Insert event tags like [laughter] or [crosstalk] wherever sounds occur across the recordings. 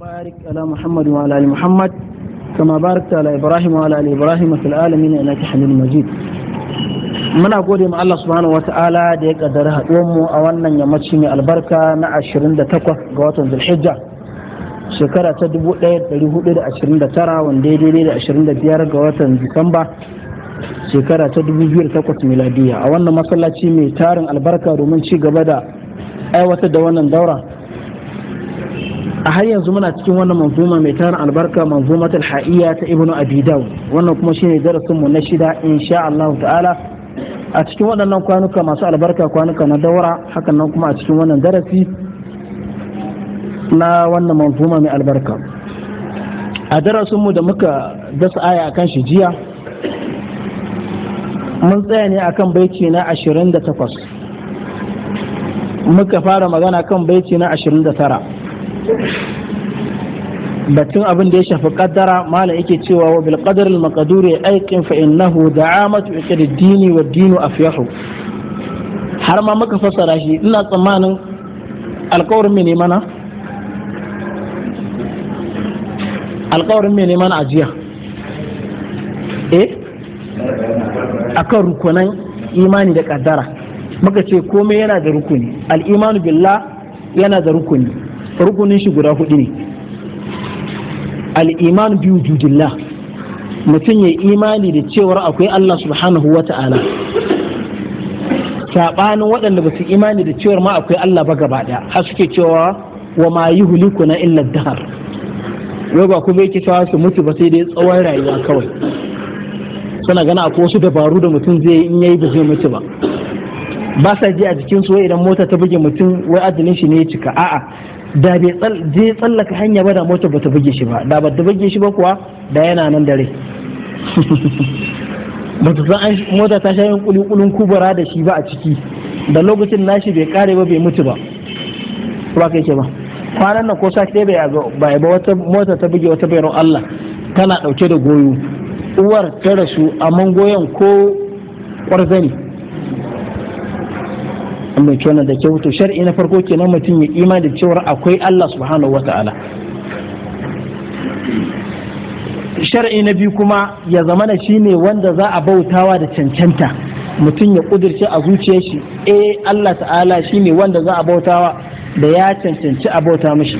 وبارك على محمد وعلى ال محمد كما باركت على ابراهيم وعلى ال ابراهيم في العالمين انك حميد مجيد muna gode ma Allah subhanahu wata'ala da ya kaddara haɗuwar mu a wannan yammaci mai albarka na 28 ga watan Zulhijja shekara ta 1429 wanda daidai da 25 ga watan Disamba shekara ta 2008 miladiya a wannan masallaci mai tarin albarka domin ci gaba da aiwatar da wannan daura a har yanzu muna cikin wannan manzuma mai tarin albarka manzumatul ha'iyya ta ibnu abi daud wannan kuma shine darasin mu na shida insha Allah ta'ala a cikin waɗannan kwanuka masu albarka kwanuka na daura hakan nan kuma a cikin wannan darasi na wannan manzuma mai albarka a darasin mu da muka dasa aya akan shi jiya mun tsaya ne akan baiti na 28 muka fara magana kan baiti na 29 batun abin da ya shafi kaddara mala yake cewa wa bil qadar al maqdur aikin fa innahu da'amatu iqad ad-dini wa dinu afyahu har ma muka fassara shi ina tsammanin alƙawarin mene mana alƙawarin mene mana ajiya eh akan rukunan imani da kaddara muka ce komai yana da rukuni al-imanu billah yana da rukuni rukunin shi guda hudu ne al-iman bi wujudillah mutum ya imani da cewar akwai Allah subhanahu wa ta'ala sabanin waɗanda ba su imani da cewar ma akwai Allah ba gaba ɗaya har suke cewa wa ma yi na illa dahar wai ba kuma yake cewa su mutu ba sai dai tsawon rayuwa kawai suna gana akwai wasu dabaru da mutum zai yi in yayi ba zai mutu ba ba sa ji a jikin su idan mota ta buge mutum wai adalin shi ne ya cika a'a da bai je tsallaka hanya ba da mota ba buge shi ba da ba ta buge shi ba kuwa da yana nan dare mutu [laughs] san an mota ta sha yin kulikulin kubura da shi ba a ciki da lokacin nashi bai kare ba bai mutu ba ba kai ce ba kwanan nan ko ke bai ba ba wata mota ta buge wata bayar Allah tana dauke da goyo uwar ta rasu amma goyon ko kwarzani an bai wannan da kyau to shar'i na farko kenan mutum ya imani da cewar akwai Allah subhanahu wata'ala shar'i na biyu kuma ya zama zamana shine wanda za a bautawa da cancanta mutum ya kudirce a zuciyar shi eh Allah ta'ala shine wanda za a bautawa da ya cancanci a bauta mishi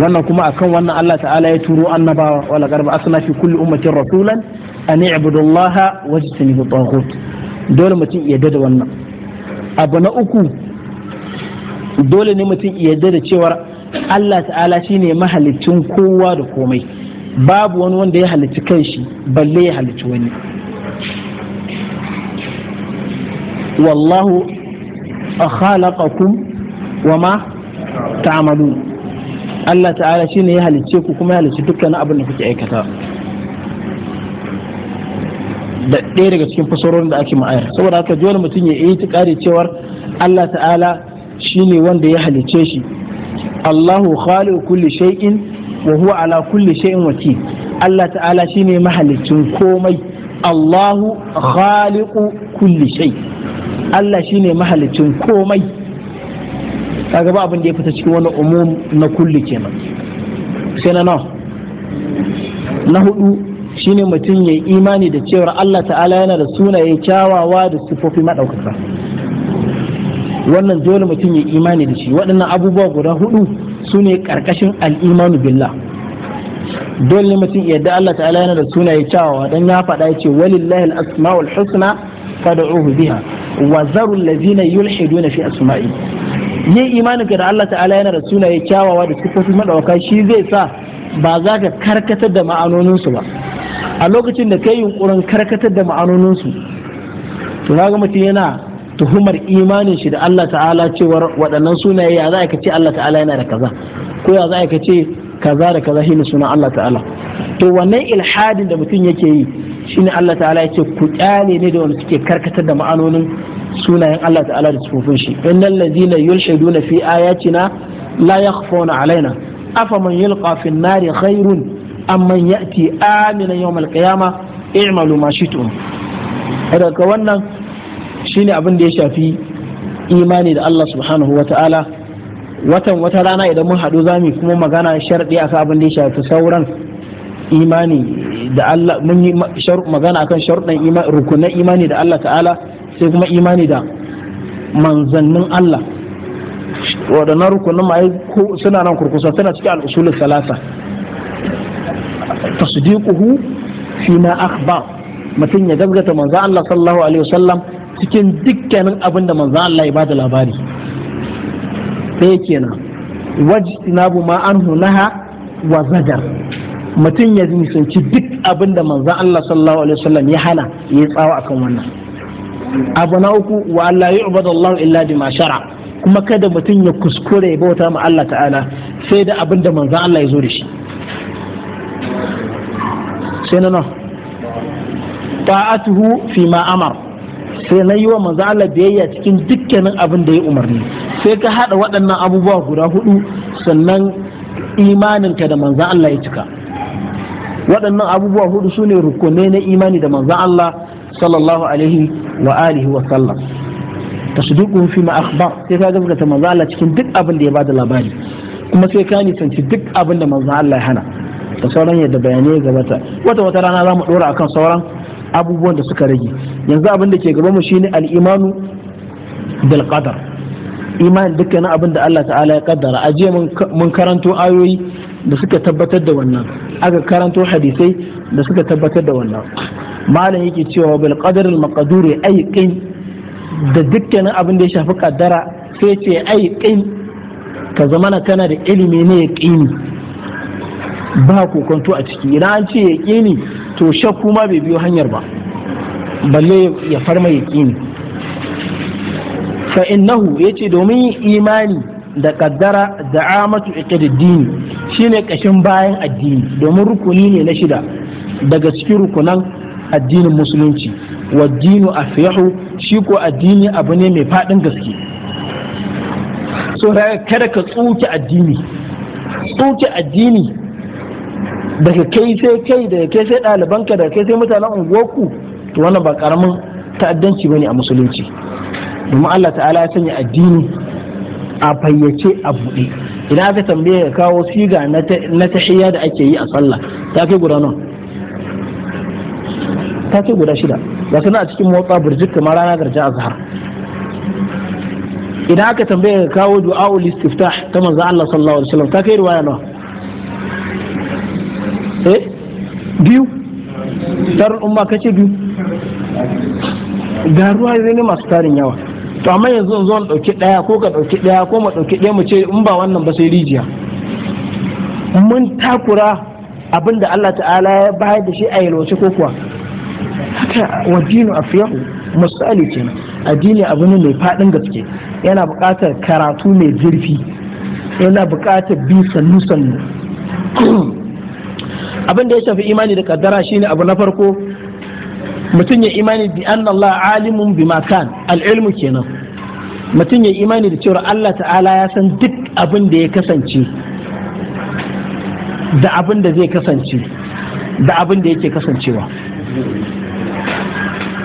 wannan kuma akan wannan Allah ta'ala ya turo annabawa wala garba asna fi kulli ummatin rasulan an i'budu Allah wajtanibu taghut dole mutum ya da wannan abu na uku dole ne mutum yarda da cewar Allah ta'ala shi shine mahalicin kowa da komai babu wani wanda ya halicci kanshi balle ya halicci wani wallahu khalaqakum wa ma ta'malun Allah ta'ala shi ne ya halicce ku kuma ya halicci dukkanin abin da kuke aikata da ɗaya daga cikin fasarorin da ake ma'ayar saboda haka dole mutum ya yi ƙare cewar Allah ta'ala shine wanda ya halice shi Allahu khaliqu kulli shay'in wa huwa ala kulli shay'in wakil Allah ta'ala shine mahalicin komai Allahu khaliqu kulli shay Allah shine mahalicin komai kaga ba abin da ya fita cikin wani umum na kulli kenan na hudu shine mutum ya yi imani da cewar Allah ta'ala yana da sunaye kyawawa da sifofi maɗaukaka wannan dole mutum ya yi imani da shi waɗannan abubuwa guda hudu su ne ƙarƙashin al'imanu billah dole ne mutum yadda Allah ta'ala yana da sunaye kyawawa dan ya faɗa ya ce walillahi al-asma'ul husna fad'uhu biha wa zarul ladina yulhiduna fi asma'i yin imanin ka da Allah ta'ala yana da sunaye kyawawa da sifofi maɗaukaka shi zai sa ba za ka karkatar da ma'anoninsu ba a lokacin da kai yunkurin karkatar da ma'anoninsu to ga mutum yana tuhumar imanin shi da Allah ta'ala cewa waɗannan sunaye ya za ka ce Allah ta'ala yana da kaza ko ya za ka ce kaza da kaza shine sunan Allah ta'ala to wannan ilhadin da mutum yake yi shine Allah ta'ala ya ce ku kyale ne da wanda suke karkatar da ma'anonin sunayen Allah ta'ala da tsofin shi innal ladina yulshiduna fi ayatina la yakhfuna alaina afaman yulqa fi an-nari khairun amman ya'ti aminan yau qiyama i'malu ma shi'tum daga wannan shine abin da ya shafi imani da Allah subhanahu wa watan wata rana idan mun haɗu zamu kuma magana sharɗi akan abin da ya shafi sauran imani da Allah mun yi magana akan sharuɗan imani rukunan imani da Allah ta'ala sai kuma imani da manzannin Allah waɗannan rukunan ma suna nan kurkusa suna cikin al'usulul salasa tasdiquhu fi ma akhbar mutum ya gaskata manzo Allah sallallahu alaihi wasallam cikin dukkanin abin da manzo Allah ya bada labari sai kenan wajtinabu ma anhu naha wa zadar mutum ya nisanci duk abin da manzo Allah sallallahu alaihi wasallam ya hana ya tsawa akan wannan abu na uku wa Allah yu'badu Allah illa bima shara kuma kada mutum ya kuskure ya bauta ma Allah ta'ala sai da abin da manzo Allah ya zo da shi sai na nan ta'atuhu fi ma amar sai na yi wa manzo Allah biyayya cikin dukkanin abin da ya umarni sai ka hada waɗannan abubuwa guda hudu sannan imaninka da manzo Allah ya cika waɗannan abubuwa hudu su ne rukunai na imani da manzo Allah sallallahu alaihi wa alihi wa sallam tasdiqun fi ma akhbar sai ka gaskata manzo Allah cikin duk abin da ya bada labari kuma sai ka nisanci duk abin da manzo Allah ya hana da sauran yadda bayanai gabata wata wata rana za mu dora akan sauran abubuwan da suka rage yanzu abin da ke gaba mu shine al-imanu bil qadar iman dukkanin abin da Allah ta'ala ya kaddara a je mun karanto ayoyi da suka tabbatar da wannan aka karanto hadisai da suka tabbatar da wannan malam yake cewa bil qadar al maqduri ay qin da dukkanin abin da ya shafi kaddara sai ce ay qin ka zamana kana da ilimi ne ya qini ba kokonto a ciki idan an ce yaƙini to shakku ma bai biyo hanyar ba balle ya farma yaƙini fa ya ce domin imani da kaddara da amatu iqdiddini shine kashin bayan addini domin rukuni ne na shida daga cikin rukunan addinin musulunci wa a afyahu shi ko addini abu ne mai faɗin gaske so kada ka tsuke addini tsuke addini daga kai sai kai da kai sai ɗalibanka daga kai sai mutanen unguwarku to wannan ba karamin ta'addanci bane a musulunci domin Allah ta'ala ya sanya addini a fayyace a buɗe idan aka tambaye ka kawo siga na tahiyya da ake yi a sallah ta kai guda nan ta kai guda shida ga suna a cikin motsa burjik kamar rana garja azhar idan aka tambaye ka kawo du'a ul istiftah ta manzo Allah sallallahu alaihi wasallam ta kai riwaya nawa eh biyu tarin umma kace biyu ga ruwa ne masu tarin yawa to amma yanzu zo mu dauki daya ko ka dauki daya ko mu dauki daya mu ce in ba wannan ba sai rijiya mun takura abinda Allah ta'ala ya bayar da shi a yalwace ko kuwa haka wa dinu afiyahu musali kenan addini abu ne mai fadin gaske yana buƙatar karatu mai zurfi yana buƙatar bi sannu sannu [clears throat] abin da ya shafi imani da kaddara shine abu na farko mutum ya imani bi anna Allah alimun bi makan al kenan mutum ya imani da cewa Allah ta'ala ya san duk abin da ya kasance da abin da zai kasance da abin da yake kasancewa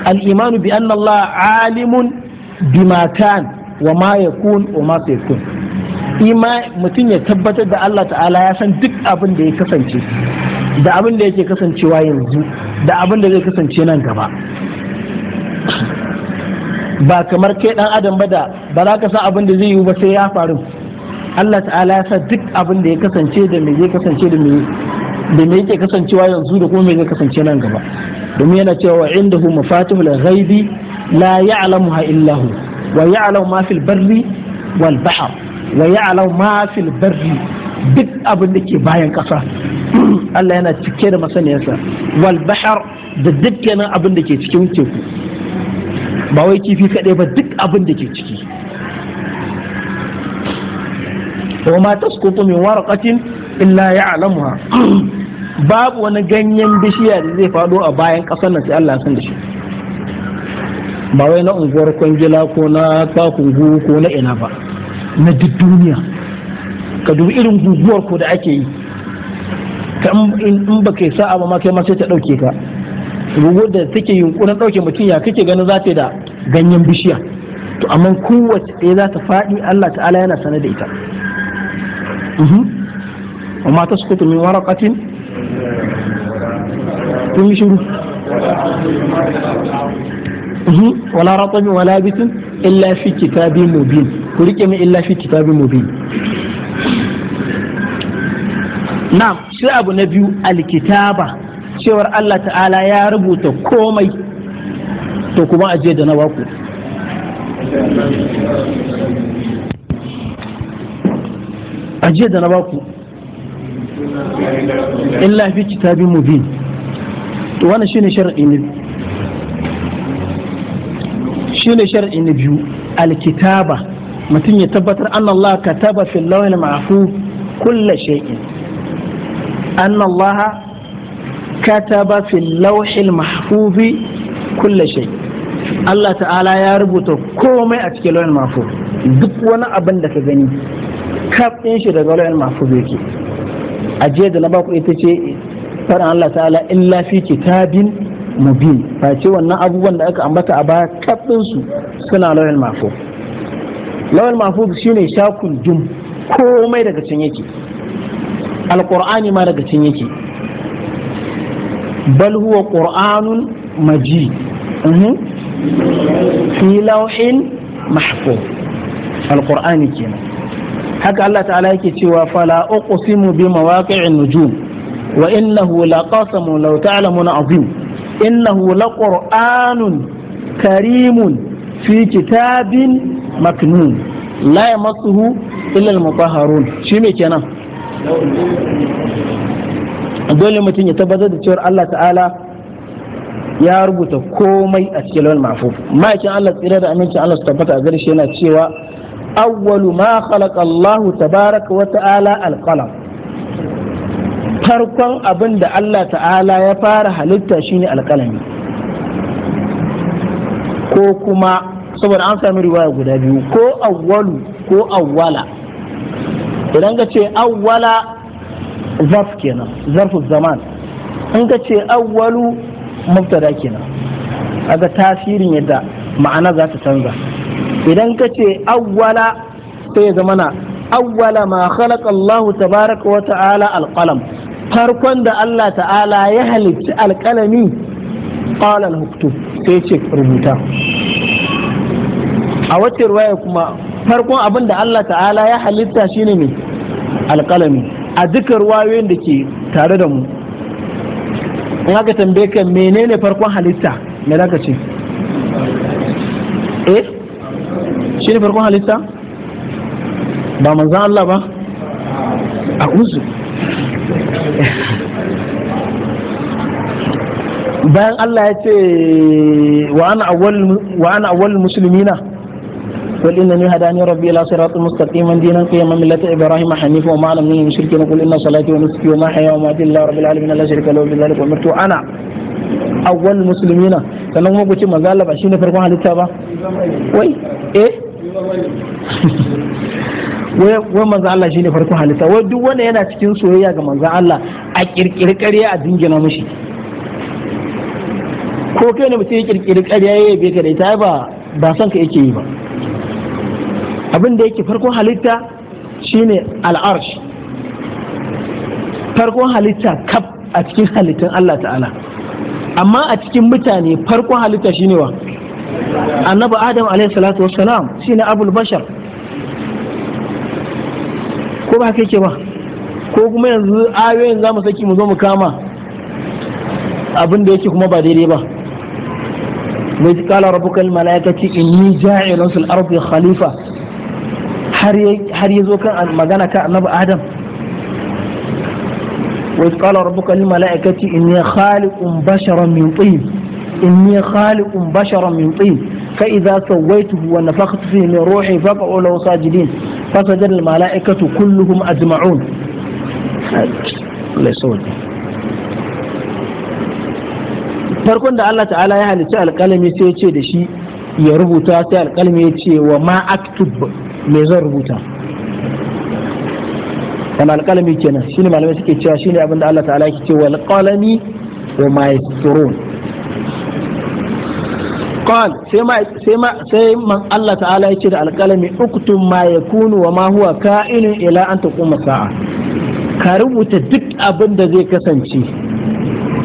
al-imanu bi anna Allah alimun bi makan wa ma yakun wa ma sayakun ima mutum ya tabbatar da Allah ta'ala ya san duk abin da ya kasance da abin da yake kasancewa yanzu da abin da zai kasance nan gaba ba kamar kai dan adam ba da ba za ka san abin da zai yi ba sai ya faru Allah ta'ala ya san duk abin da ya kasance da me zai kasance da me da me yake kasancewa yanzu da kuma me zai kasance nan gaba domin yana cewa "Wa indahu mafatihul ghaibi la ya'lamuha illahu wa ya'lamu ma fil barri wal bahr wa ya'lamu ma fil barri duk abin da ke bayan kasa. [clears throat] Allah yana cike da masaniyarsa wal bahar da dukkanin abin da ke cikin teku ba wai kifi kaɗai ba duk abin da ke ciki wa ma tasqutu min warqatin illa ya'lamuha [clears throat] babu wani ganyen bishiya da zai faɗo a bayan ƙasar nan sai Allah san da shi ba wai na unguwar kwangila ko na Kakungu ko na ina ba na duk duniya ka dubi irin guguwar ku da ake yi ka in ba kai sa'a ba ma kai ma sai ta ɗauke ka guguwar da take yunkurin ɗauke mutum ya kake ganin za ta da ganyen bishiya to amma kowace ɗaya za ta faɗi Allah ta'ala yana sane da ita mhm. amma ta sukutu min waraqatin shiru فيه ولا رطب ولا بت إلا في كتاب مبين كريكم إلا في كتاب مبين نعم abu na نبي alkitaba cewar Allah ta'ala ya rubuta komai to kuma aje da na baku aje da na baku illa fi kitabin mubin to wannan shine ne shine shar'i na biyu alkitaba mutum ya tabbatar an Allah kataba fil lawhil mahfuz kulla shay'in an Allah kataba fil lawhil mahfuz kulla Allah ta'ala ya rubuta komai a cikin lawhil mahfuz duk wani abin da ka gani kaf ɗin shi daga lawhil mahfuz yake jiya da na baku ita ce fara Allah ta'ala illa fi kitabin mubin face wannan abubuwan da aka ambata a baya kaɗin su suna lawal mafu lawal shi ne shakul jum komai daga can yake alƙur'ani ma daga can yake bal huwa qur'anun maji mhm. fi lawhin mahfuz ke kenan haka Allah ta'ala yake cewa fala uqsimu bi mawaqi'in nujum wa innahu laqasamun law ta'lamuna azim innahu laqur'anun karimun fi kitabin maknun la yamassuhu illa al-mutahharun shi me kenan dole mutum ya tabbatar da cewar Allah ta'ala ya rubuta komai a cikin lawan mafuf ma'aikin Allah tsira da amincin Allah su tabbata a gare shi yana cewa awwalu ma khalaqa Allah tabaraka wa ta'ala al farkon abin da Allah ta'ala ya fara halitta shine alƙalami ko kuma saboda an sami riwaya guda biyu ko awwalu ko awwala idan ka ce awwala zarf kenan zarfu zaman in ka ce awwalu mubtada kenan aga tasirin yadda ma'ana za ta canza idan ka ce awwala sai ya zama na awwala ma khalaqa Allah tabaraka wa ta'ala alqalam farkon da Allah ta'ala ya halitta alƙalami ƙalal huktu sai ce rubuta a wacce ruwaya kuma farkon abin da Allah ta'ala ya halitta shine ne alƙalami a duka ruwayoyin da ke tare da mu in aka tambaye ka menene farkon halitta me za ce eh shine farkon halitta ba manzan Allah ba a uzu bayan Allah ya ce wa ana awwal musulmina قل إنني هداني ربي إلى صراط مستقيم دينا قيما ملة إبراهيم حنيفا وما لم من مشركين قل إن صلاتي ونسكي وما حيا لله رب العالمين لا شريك له بذلك وأمرت أنا أول المسلمين sannan kuma ku ce manzo Allah farkon halitta ba wai manzan Allah shine farkon halitta wai duk wanda yana cikin soyayya ga manzan Allah a kirkiri ƙarya a dingina mashi ko kai ne mutum ya kirkiri ƙarya ya yabe ka da ita ba ba son ka yake yi ba abin da yake farkon halitta shine al'arsh farkon halitta kaf a cikin halittun Allah ta'ala amma a cikin mutane farkon halitta shine wa annabi adam alaihi salatu wassalam shine abul bashar ko ba haka yake ba ko kuma yanzu ayoyin za mu saki mu zo mu kama abin da yake kuma ba daidai ba mai kala rabbukal malaikati inni ja'ilun fil ardi khalifa har ya zo kan magana ka annabi adam وإذ قال ربك basharan إني خالق بشرا من طين إني خالق بشرا من طين فإذا سويته ونفخت فيه min روحي فقعوا له ساجدين فسجد الملائكة كلهم أجمعون الله يسوي farkon da Allah ta'ala ya halitta alkalami sai ya ce da shi ya rubuta sai alƙalami ya ce wa ma aktub me zan rubuta wani alkalami kenan shine malamai suke cewa shine abin da Allah ta'ala yake ce wal qalami wa ma yasturun qal sai ma sai ma sai man Allah ta'ala ya ce da alqalami uktum ma yakunu wa ma huwa ka'inun ila an taquma sa'a ka rubuta duk abin da zai kasance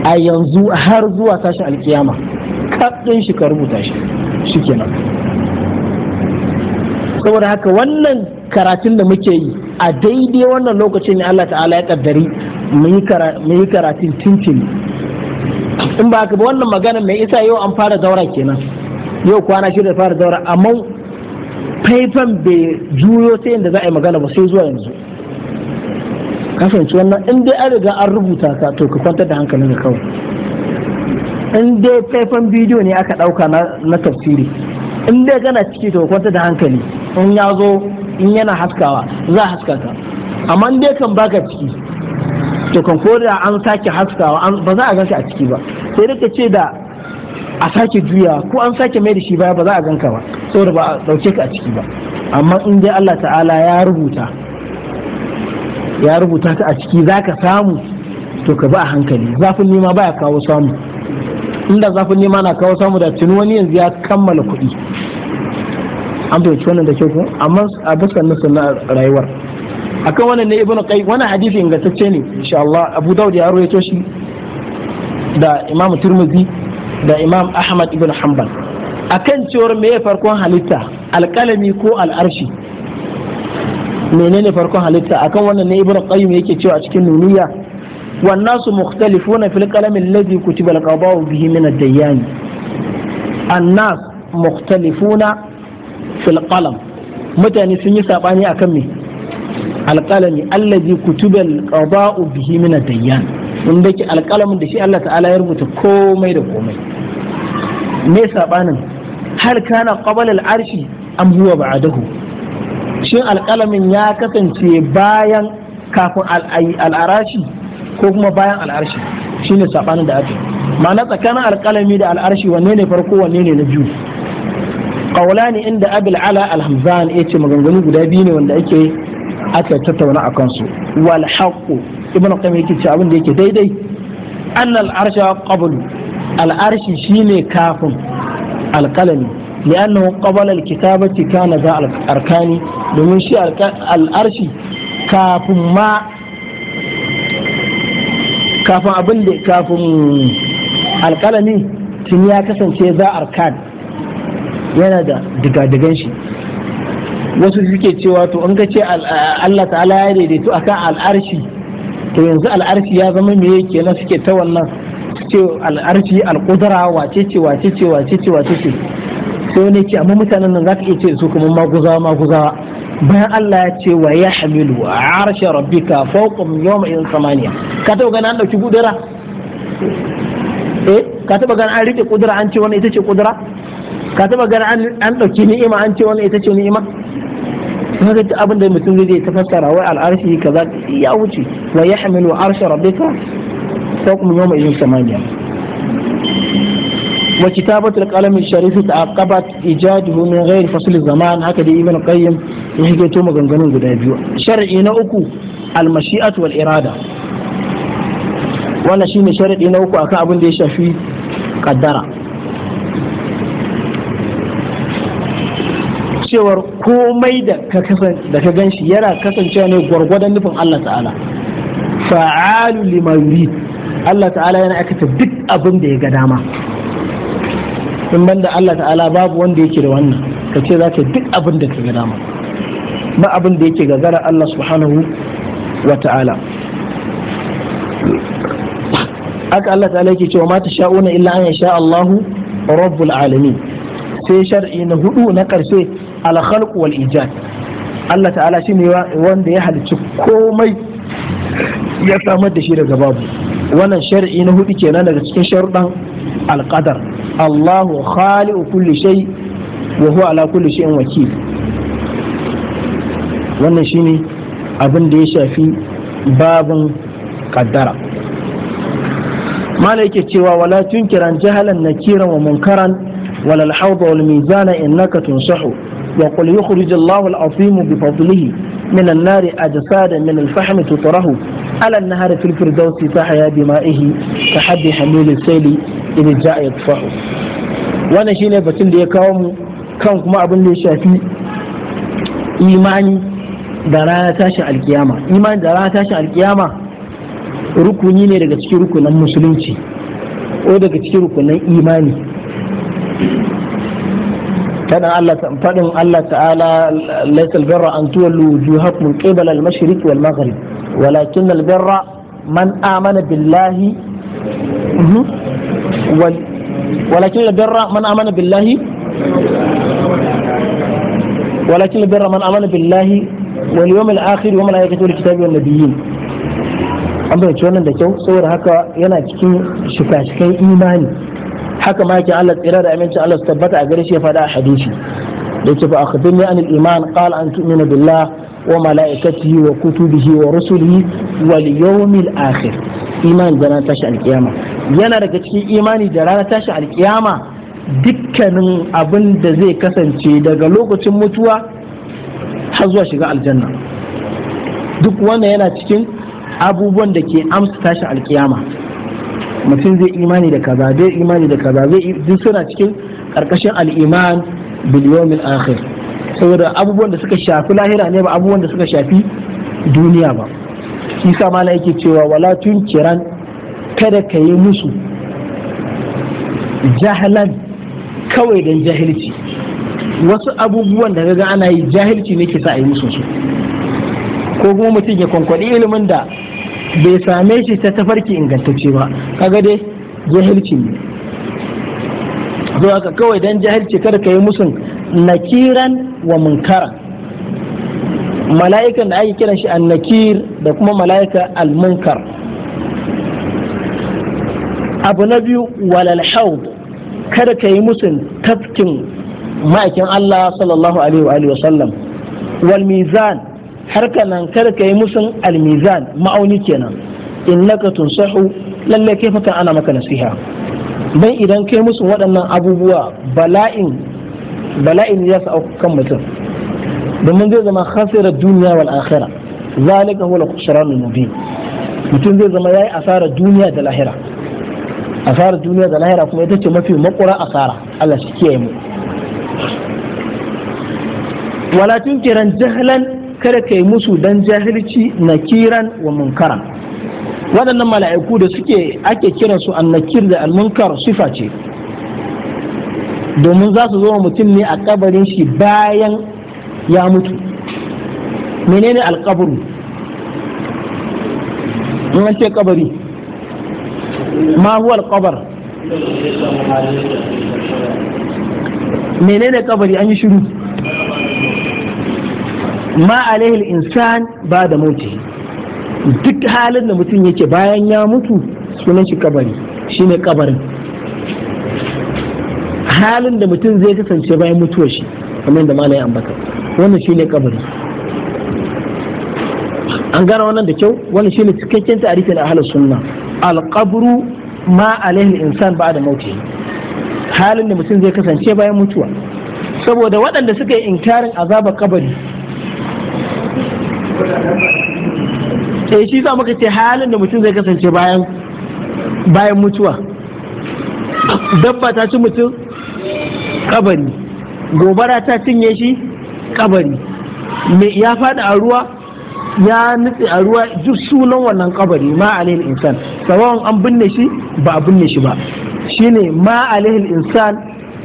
a yanzu har zuwa tashin alkiyama kaɗin shi ka rubuta shi shikenan saboda haka wannan karatun da muke yi a daidai wannan lokacin ne Allah ta'ala ya kaddari mu yi karatun tintini in ba ka bi wannan magana mai isa yau an fara daura kenan yau kwana shi da fara daura amma faifan bai juyo ta yadda za a yi magana ba sai zuwa yanzu kasance wannan in dai an riga an rubuta ka to ka kwantar da hankalin ka kawai in dai faifan bidiyo ne aka ɗauka na tafsiri in dai kana ciki to kwantar da hankali in ya zo in yana haskawa za a haska ka amma in dai kan baka ciki to kan ko da an sake haskawa ba za a ganka a ciki ba sai rika ce da a sake juya ko an sake mai da shi baya ba za a ganka ba saboda ba a dauke ka a ciki ba amma in dai Allah ta'ala ya rubuta ya rubuta ka a ciki za ka samu to ka ba a hankali zafin nema baya kawo samu inda zafin nema na kawo samu da tuni wani yanzu ya kammala kuɗi an fahimci wannan da kyau amma a buskan nasu na rayuwar akan wannan ne ibnu qayyim wannan hadisi ingantacce ne insha Allah Abu Dawud ya shi da Imam Tirmidhi da Imam Ahmad ibn Hanbal akan cewar me farkon halitta alkalami ko al'arshi menene farkon halitta akan wannan ne ibnu qayyim yake cewa a cikin nuniya wan nasu mukhtalifuna fil qalami alladhi kutiba al-qada'u bihi min ad-dayyan an-nas mukhtalifuna fil qalam mutane sun yi sabani akan me alƙalami allazi kutubal qada'u bihi min ad-dayyan inda alƙalamin da shi Allah ta'ala ya rubuta komai da komai me sabanin hal kana qabala al-arshi am huwa ba'dahu shin alƙalamin ya kasance bayan kafin al'arashi ko kuma bayan al'arshi shine sabanin da ake ma'ana tsakanin alƙalami da al'arshi wanne ne farko wanne ne na biyu qawlani inda abil ala al-hamzan yace maganganu guda biyu ne wanda ake aka tattauna a kansu wal haqqu ibn qayyim yake cewa abin da yake daidai anna al arsha qablu al arshi shine kafin al qalam li'annahu qabala al kitabati kana za al arkani domin shi al arshi kafin ma kafin abin da kafin alƙalami? tun ya kasance za arkan yana da digadigan shi wasu suke cewa to an ga ce Allah ta'ala ya daidaitu akan al'arshi to yanzu al'arshi ya zama me kenan suke ta wannan ce al'arshi al'udara wace ce wace ce wace ce wace ce sai wani ce amma mutanen nan zaka iya ce su kuma maguzawa maguzawa bayan Allah ya ce wa ya hamilu a harshe rabbika fawqum yawma in samaniya ka taɓa gani an ɗauki kudura eh ka taba gani an rike kudura an ce wannan ita ce kudura ka taba gani an dauki ni'ima an ce wannan ita ce ni'ima kaga duk abin da mutum zai ta fassara wai al'arshi kaza ya wuce wa yahmilu arsha rabbika fawqa yawma idhin samaniya wa kitabatu al-qalam al-sharif ta'aqqabat ijaduhu min ghairi fasl zaman haka dai ibn qayyim ya hikato maganganun guda biyu shar'i na uku al-mashi'atu wal irada wannan shine sharadi na uku akan abin da ya shafi kaddara cewar komai da ka da ka gan shi yana kasancewa ne gwargwadon nufin Allah ta'ala fa'alu lima yurid Allah ta'ala yana aikata duk abin da ya ga dama in banda Allah ta'ala babu wanda yake da wannan ka ce za ka duk abin da ka ga dama ba abin da yake gagara Allah subhanahu wa ta'ala haka Allah ta'ala yake cewa ma sha'una illa an yasha Allahu rabbul alamin sai shar'i na hudu na karshe al wal ijad Allah ta'ala shine wanda ya halicci komai ya samar da shi daga babu wannan shar'i na hudu kenan daga cikin sharuɗan alqadar Allahu khali'u kulli shay wa huwa ala kulli shay'in wakil wannan shine abin da ya shafi babin kaddara mala yake cewa wala tunkiran jahalan nakiran wa munkaran wal hawda wal mizana innaka tunsahu وقل يخرج الله العظيم بفضله من النار أجسادا من الفحم تطره على النهر في الفردوس تحيا بمائه كحد حميل السيل إذ جاء يطفح وانا شيني فتن دي كوم كان كما أبن لي شافي إيماني درانا تاشا القيامة إيمان درانا تاشا القيامة rukuni ne daga cikin rukunan musulunci ko daga cikin rukunan imani كان الله فدن الله تعالى ليس البر أن تولوا وجوهكم قبل المشرق والمغرب ولكن البر من آمن بالله ولكن البر من آمن بالله ولكن البر من آمن بالله واليوم الآخر والملائكة والكتاب والنبيين an bai wannan da kyau saboda haka yana cikin shika-shikan imani haka ma yake Allah tsira da aminci Allah su tabbata a gare shi ya faɗa a hadisi da yake fa akhbirni an al-iman qala an tu'minu billah wa malaikatihi wa kutubihi wa rusulihi wal yawmil akhir iman da ranar tashi alkiyama yana daga cikin imani da ranar tashi alkiyama dukkanin abin da zai kasance daga lokacin mutuwa har zuwa shiga aljanna duk wannan yana cikin abubuwan da ke amsa tashi alkiyama mutum zai imani da kaza zai imani da kaza zai duk suna cikin karkashin al'iman biliyomin akhir saboda abubuwan da suka shafi lahira ne ba abubuwan da suka shafi duniya ba shi sa mala yake cewa wala tun kiran kada ka yi musu jahalan kawai don jahilci wasu abubuwan da ga ana yi jahilci ne ke sa a yi musu su ko kuma mutum ya kwankwaɗi ilimin da bai same shi ta tafarki ingantacce ba kaga dai jahilci ne zo haka kawai dan jahilci kada ka yi musun nakiran wa munkara mala'ikan da ake kiran shi annakir da kuma mala'ika almunkar abu na biyu walal kada ka yi musu tafkin ma'aikin Allah sallallahu alaihi wa sallam wal mizan harka nan kar ka yi musun almizan ma'auni kenan innaka tunsahu lalle kai fata ana maka nasiha dan idan kai musu waɗannan abubuwa bala'in bala'in ya sa kan mutum domin zai zama khasira duniya wal akhirah zalika huwa al-khusran al-mubin mutum zai zama yayi asara duniya da lahira asarar duniya da lahira kuma ita ce mafi makura asara Allah shi kiyaye mu wala tunkiran jahlan kada ka yi musu dan jahilci na kiran wa munkara waɗannan mala'iku da suke ake kiran su nakir da almunkar sifa ce domin za su zo mutum ne a ƙabarin shi bayan ya mutu menene alƙabaru? in an ce ƙabari? ma huwa alƙabar menene ƙabari an yi shiru ma alaihil insan ba da mauti duk halin da mutum yake bayan ya mutu sunan shi kabari shine kabarin halin da mutum zai kasance bayan mutuwar shi kamar da malai ambata wannan shine kabari an gano wannan da kyau wannan shine cikakken tarihin ahlus sunna al-qabru ma alaihil insan ba da mauti halin da mutum zai kasance bayan mutuwa saboda waɗanda suka yi inkarin azabar kabari eh shi za muka ce halin da mutum zai kasance bayan bayan mutuwa dabba ta ci mutum kabari gobara ta cinye shi kabari ya faɗi a ruwa ya nutse a ruwa duk sunan wannan kabari ma alil insan sawan an binne shi ba a binne shi ba shine ma alil insan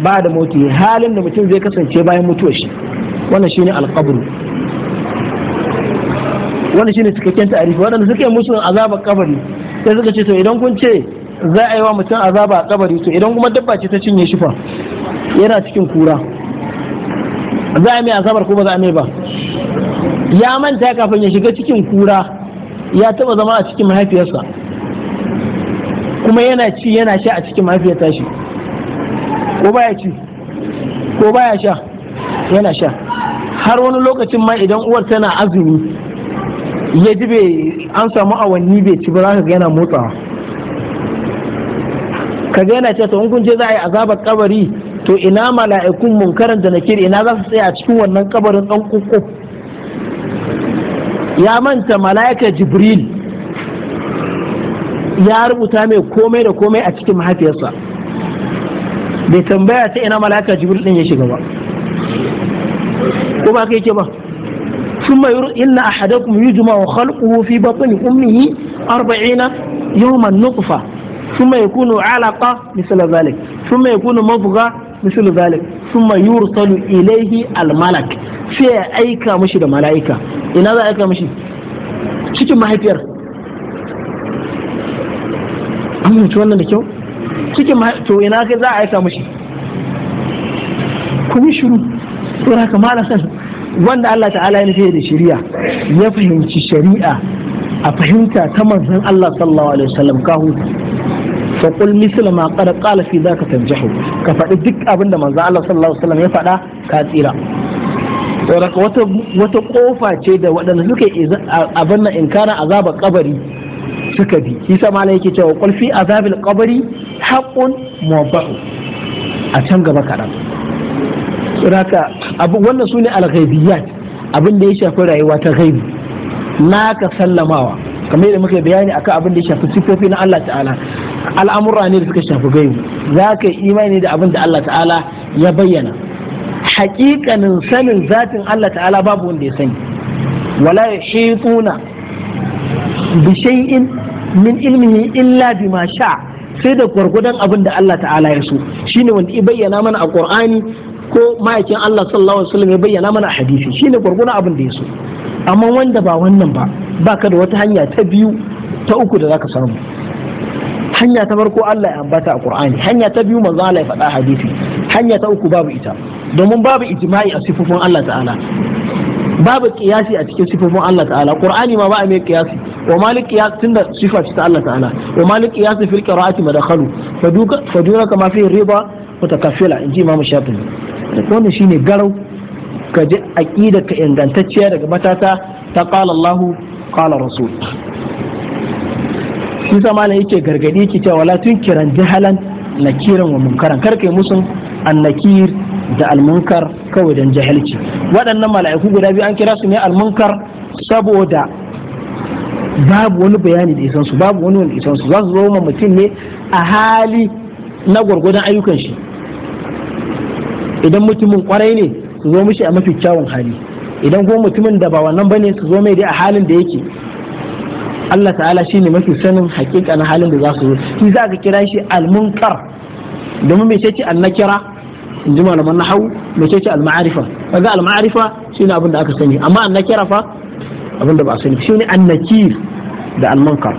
ba da mauti halin da mutum zai kasance bayan mutuwa shi wannan shine alqabru wannan shine cikakken ta'arifi waɗanda suka yi musu azaba kabari sai suka ce to idan kun ce za a yi wa mutum azaba a kabari to idan kuma dabba ce ta cinye shi fa yana cikin kura za a mai azabar ko ba za a mai ba ya manta kafin ya shiga cikin kura ya taba zama a cikin mahaifiyarsa kuma yana ci yana sha a cikin mahaifiyar tashi ko baya ci ko baya sha yana sha har wani lokacin ma idan uwar tana azumi ya ji bai an samu awanni bai ci ba za ka yana motsawa ka ga yana cewa in kun je za a yi azabar kabari to ina mala'ikun munkaran da kiri ina za su tsaya a cikin wannan kabarin dan kuku ya manta mala'ika jibril ya rubuta mai komai da komai a cikin mahaifiyarsa bai tambaya ta ina mala'ika jibril din ya shiga ba ko ba ka yake ba ثم إن أحدكم يجمع خلقه في بطن أمه أربعين يوما نطفة ثم يكون علقة مثل ذلك ثم يكون مضغة مثل ذلك ثم يرسل إليه الملك في أيكا مشي ملائكة إن هذا أيكا مشي شكو ما هيبير أمي أنا لكيو شكو ما تو إن هذا أيكا مشي كم شروع وراك ما لا سنه wanda Allah ta'ala ya nufi da shari'a ya fahimci shari'a a fahimta ta manzon Allah sallallahu alaihi wasallam ka huta fa qul misla ma qad qala fi zaka tanjahu ka faɗi duk abinda manzon Allah sallallahu alaihi wasallam ya faɗa ka tsira wata wata kofa ce da waɗanda suke abin nan inkara azabar kabari suka bi shi sa malai yake cewa qul fi azabil qabri haqqun muwabba'u a can gaba kaɗan wannan su ne alghaibiyat abin da ya shafi rayuwa ta ghaibi naka sallamawa kamar yadda muka bayani akan abin da ya shafi sifofi na Allah ta'ala al'amura ne da suka shafi ghaibi za ka imani da abin da Allah ta'ala ya bayyana Haƙiƙanin sanin zatin Allah ta'ala babu wanda ya sani wala yuhituna bi shay'in min ilmihi illa bima sha sai da gwargwadon abin da Allah ta'ala ya so shine wanda ya bayyana mana a Qur'ani ko ma'aikin Allah sallallahu alaihi wasallam ya bayyana mana a hadisi shine gurguna abin da ya so amma wanda ba wannan ba baka da wata hanya ta biyu ta uku da zaka samu hanya ta farko Allah ya ambata a Qur'ani hanya ta biyu manzo Allah ya faɗa hadisi hanya ta uku babu ita domin babu ijma'i a sifofin Allah ta'ala babu kiyasi a cikin sifofin Allah ta'ala Qur'ani ma ba a mai kiyasi wa malik qiyas tunda sifa ta Allah ta'ala wa malik qiyas fil qira'ati madakhalu faduka fadura kama fi riba mutakaffila inji Imam Shafi'i wannan shine garau ka ji aqida ka ingantacciya daga matata ta qala Allahu qala rasul shi zama ne yake gargadi ki cewa la tunkiran jahalan nakiran wa munkaran kar kai musun annakir da almunkar kawai dan jahilci waɗannan mala'iku guda biyu an kira su ne almunkar saboda babu wani bayani da isansu babu wani wani isansu za su zo ma mutum ne a hali na gwargwadon ayyukan shi idan mutumin kwarai ne su zo mishi a mafi kyawun hali idan kuma mutumin da ba wannan bane su zo mai dai a halin da yake Allah ta'ala shi ne mafi sanin hakika na halin da za su zo shi za ka kira shi almunkar domin mai ce annakira in ji malaman na hau mai ce alma'arifa kaga alma'arifa shi ne abin da aka sani amma al-nakira fa abin da ba a sani shi ne annakir da almunkar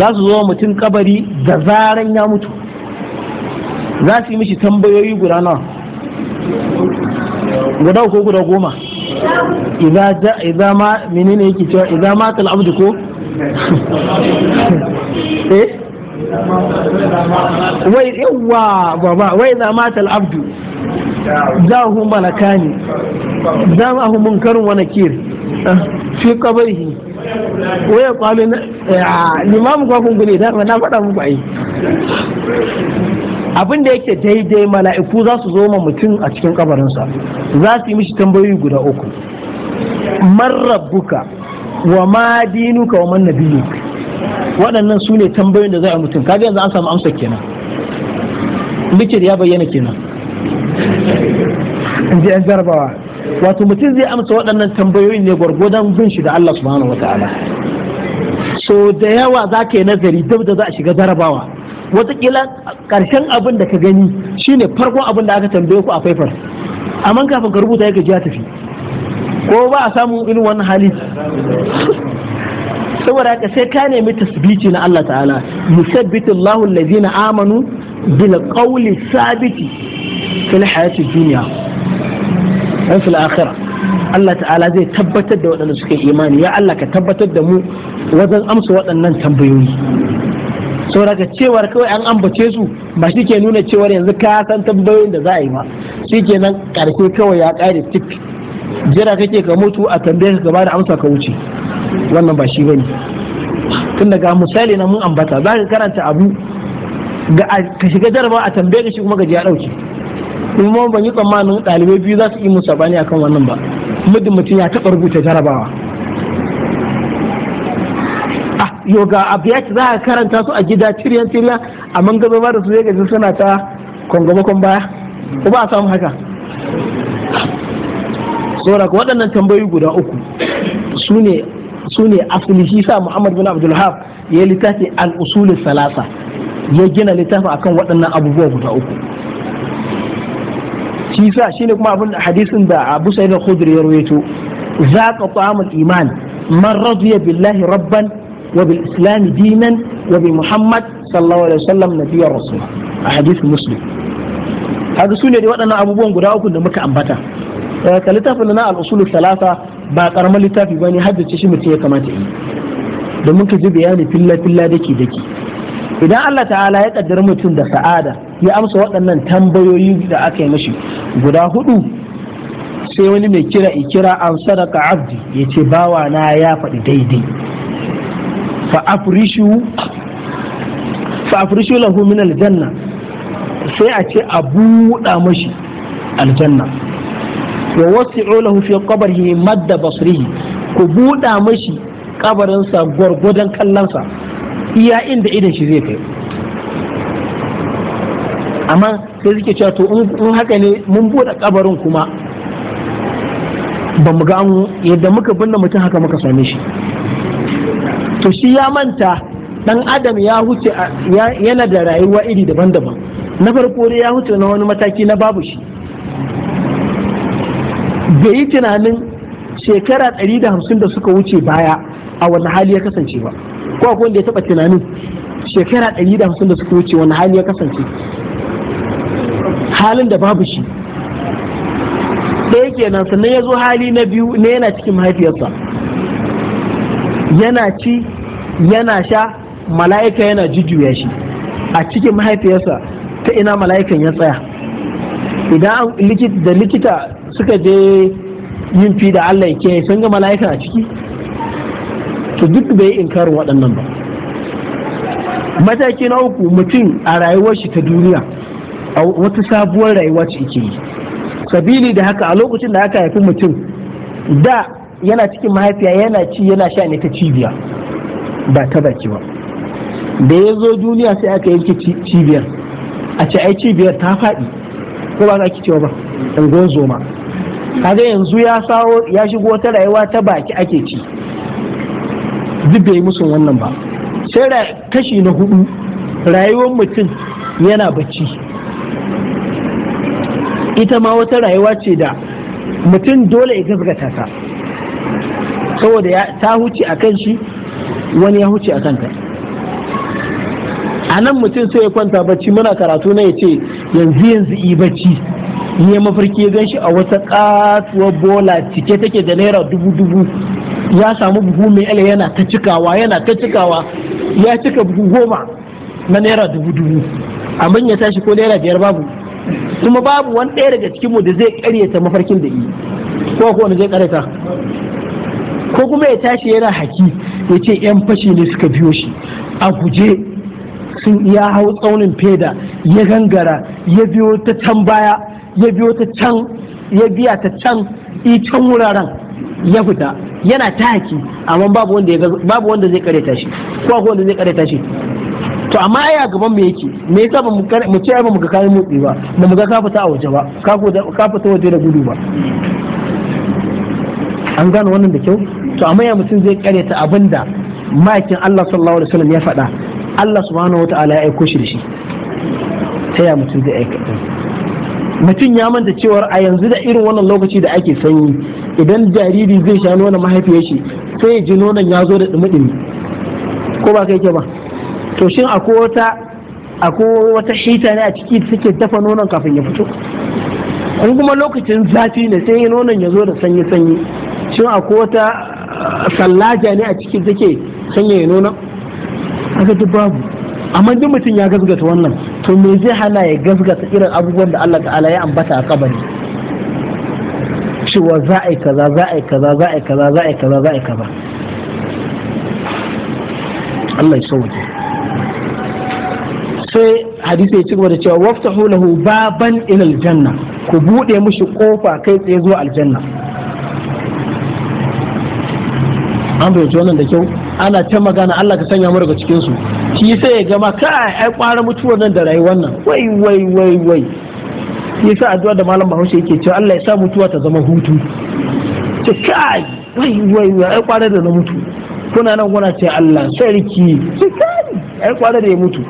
za su zo mutum kabari da zaran ya mutu za su yi mishi tambayoyi guda nawa guda ko guda goma idan ma menene yake cewa idan ma ta abdu ko [laughs] eh? wai yawa baba wai idza ma tal abdu jahu a jamahu munkarun wani nakir ah, fi qabrihi waya kwamin limamu kwakun gune da na faɗa muku ai abin da yake daidai mala'iku za su zo ma mutum a cikin kabarinsa za su yi mishi tambayoyi guda uku Marrabbuka wa ma dinuka wa man nabiyuk waɗannan su ne tambayoyin da za a mutum kaga yanzu an samu amsa kenan likir ya bayyana kenan in ji jarabawa wato mutum zai amsa waɗannan tambayoyin ne gwargwadon bin shi da Allah subhanahu wa ta'ala so da yawa za ka yi nazari duk da za a shiga jarabawa Wataƙila karshen abin da ka gani shine farkon abin da aka tambaye ku a faifar amma kafin ka rubuta yake jiya tafi ko ba a samu irin wannan hali [laughs] saboda haka sai ka nemi tasbici na Allah ta'ala yusabbitu Allahu allazina amanu bil qawli sabiti fil hayati dunya wa fil akhirah Allah ta'ala zai tabbatar da waɗanda suke imani ya Allah ka tabbatar da mu wajen amsa waɗannan tambayoyi so daga cewar kawai an ambace su ba shi ke nuna cewar yanzu ka san tambayoyin da za a yi ma shi nan karfe kawai ya kare tip jira kake ka mutu a tambaye ka gaba da amsa ka wuce wannan ba shi ne tun daga misali na mun ambata za ka karanta abu ka shiga jarabawa a tambaye ka shi kuma gaji ya ɗauke. kuma ban yi tsammanin ɗalibai biyu za su yi musabani akan wannan ba muddin mutum ya taɓa rubuta jarabawa yoga abu za a karanta su a gida tiriyan-tiriyan, cirya amma gaba ba da su gaji suna ta kwan baya ko ba a samu haka saboda waɗannan tambayoyi guda uku su ne su ne asali shi sa Muhammad bin Abdul Hab ya littafi al-usul salasa ya gina littafin akan waɗannan abubuwa guda uku shi sa shine kuma abin hadisin da Abu Sa'id al-Khudri ya rawaito zaqa ta'amul iman man radiya billahi rabban وبالإسلام دينا وبمحمد صلى الله عليه وسلم نبيا رسولا أحاديث مسلم هذا سنة دي وأنا أبو بون قد أكون مكة أنبتا كالتاف لنا الأصول الثلاثة باقر ملتاف باني حد تشي متي كما تأي da muka ji bayani filla filla dake dake idan Allah ta'ala ya kaddara mutum da sa'ada ya amsa waɗannan tambayoyi da aka yi mashi guda hudu sai wani mai kira ikira an sadaka abdi ya ce bawa na ya faɗi daidai fa afrishu lahu min aljanna sai a ce a buɗa mashi aljanna wa wasu lahu fi yi madda basrihi ku buɗa mashi kabarinsa gwargwadon kallonsa iya inda idan shi zai kai amma sai suke cewa to in haka ne mun buɗe kabarin kuma ba mu ga yadda muka binne mutum haka muka same shi to shi ya manta dan adam ya huce yana da rayuwa iri daban-daban na farko dai ya huce na wani mataki na babu shi bai yi tunanin shekara 150 da suka wuce baya a wani hali ya kasance ba ko akwai wanda ya taba tunanin shekara 150 da suka wuce wani hali ya kasance halin da babu shi ɗaya kenan sannan ya zo hali na biyu ne yana cikin mahaifiyarsa yana ci yana sha mala'ika yana jujjuya shi a cikin mahaifiyarsa ta ina mala'ikan ya tsaya idan da likita suka je yin fi da Allah ke sun ga mala'ika a ciki to duk bai inkarin waɗannan ba mataki na uku mutum a rayuwar shi ta duniya a wata sabuwar rayuwa ce ke yi sabili da haka a lokacin da aka haifi mutum da yana cikin mahaifiya yana ci yana sha ne ta cibiya ba ta baki ba da ya zo duniya sai aka yanke cibiyar a ce ai cibiyar ta faɗi ko ba za ki cewa ba unguwar zoma kaga yanzu ya sawo ya shigo wata rayuwa ta baki ake ci duk bai musu wannan ba sai kashi na hudu rayuwar mutum yana bacci ita ma wata rayuwa ce da mutum dole ya gazgata ta saboda ta huce a kan shi wani ya huce a kanka a nan mutum sai ya kwanta bacci muna karatu na ya ce yanzu yanzu yi bacci ya mafarki ya ganshi a wata katuwar bola cike take da naira dubu dubu ya samu buhu mai ala yana ta cikawa yana ta cikawa ya cika buhu goma na naira dubu dubu amma ya tashi ko naira biyar babu kuma babu wani ɗaya daga cikinmu da zai karyata mafarkin da yi ko ko wani zai karyata ko kuma ya tashi yana haki ya ce 'yan fashi ne suka biyo shi a guje sun ya hau tsaunin feda ya gangara ya biyo ta can baya ya biyo ta can ya biya ta can can wuraren ya fita yana ta haki amma babu wanda zai kare tashi ko wanda zai kare tashi to amma aya gaban mu yake me yasa ba mu ce ba mu ga kayan motsi ba da mu ga ka fita a waje ba ka fita waje da gudu ba an gano wannan da kyau to amma ya mutum zai karyata abinda ma'aikin Allah sallallahu alaihi wasallam ya faɗa Allah subhanahu wataala ya aiko shi da shi ta ya mutum zai aikata mutum ya manta cewar a yanzu da irin wannan lokaci da ake sanyi idan jariri zai sha nonon mahaifiyar shi sai ya ji nonon ya zo da dumi-dumi ko ba kai ke ba to shin akwai wata akwai wata shita ne a ciki da suke dafa nonon kafin ya fito in kuma lokacin zafi ne sai nonon ya zo da sanyi-sanyi shin akwai wata sallaja ne a cikin take sanya nuna aka duk babu amma duk mutum ya gasgata wannan to me zai hana ya gasgata irin abubuwan da Allah ta'ala ya ambata a kabari cewa za a yi kaza za a yi kaza za a yi kaza za a yi kaza za a yi kaza Allah ya sauke sai hadisi ya ci gaba da cewa waftahu lahu baban ilal janna ku bude mushi kofa kai tsaye zuwa aljanna an fahimci wannan da kyau ana ta magana Allah ka sanya mu daga cikin su shi sai ya gama kai ai kwara mutuwar nan da rayuwar nan wai wai wai wai sai addu'a da malam Bahaushe yake cewa Allah ya sa mutuwa ta zama hutu ce kai wai wai wai ai kwara da na mutu kuna nan kuna ce Allah sarki ce kai ai kwara da ya mutu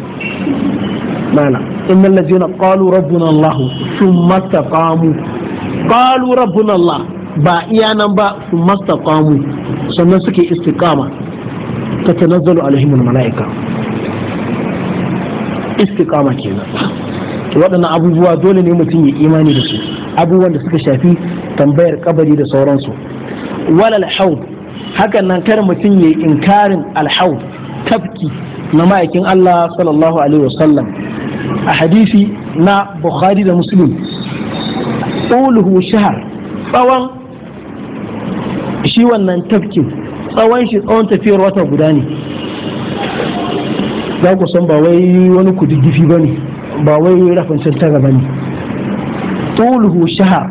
mana innal ladina qalu rabbuna Allah thumma taqamu qalu rabbuna Allah ba iya nan ba su mastaqamu sannan suke istiqama ta tanazzalu alaihim malaika istiqama kenan waɗannan abubuwa dole ne mutum ya imani da su abubuwan da suka shafi tambayar kabari da sauransu walal hau hakan nan kar mutum ya inkarin alhaud tafki na ma'aikin Allah sallallahu alaihi wasallam a hadisi na Bukhari da Muslim uluhu shahar tsawon shi wannan tafkin tsawon shi tsawon tafiyar wata guda ne za ku san ba wai wani kududdufi ba ne ba wai rafin taga ba ne tuluhu shahar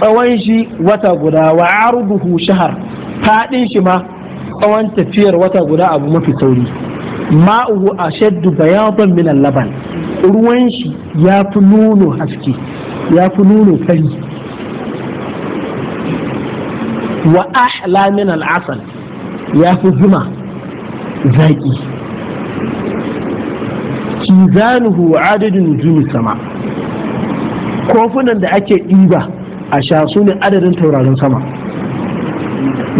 tsawon shi wata guda wa arduhu shahar faɗin shi ma tsawon tafiyar wata guda abu mafi sauri ma'uhu a shaddu baya minan laban ruwan shi ya fi nuno haske ya fi nuno fari wa ahla min al'asal ya fi zuma zaƙi kizanuhu adadin nujumi sama kofunan da ake ɗiba a sha su ne adadin tauraron sama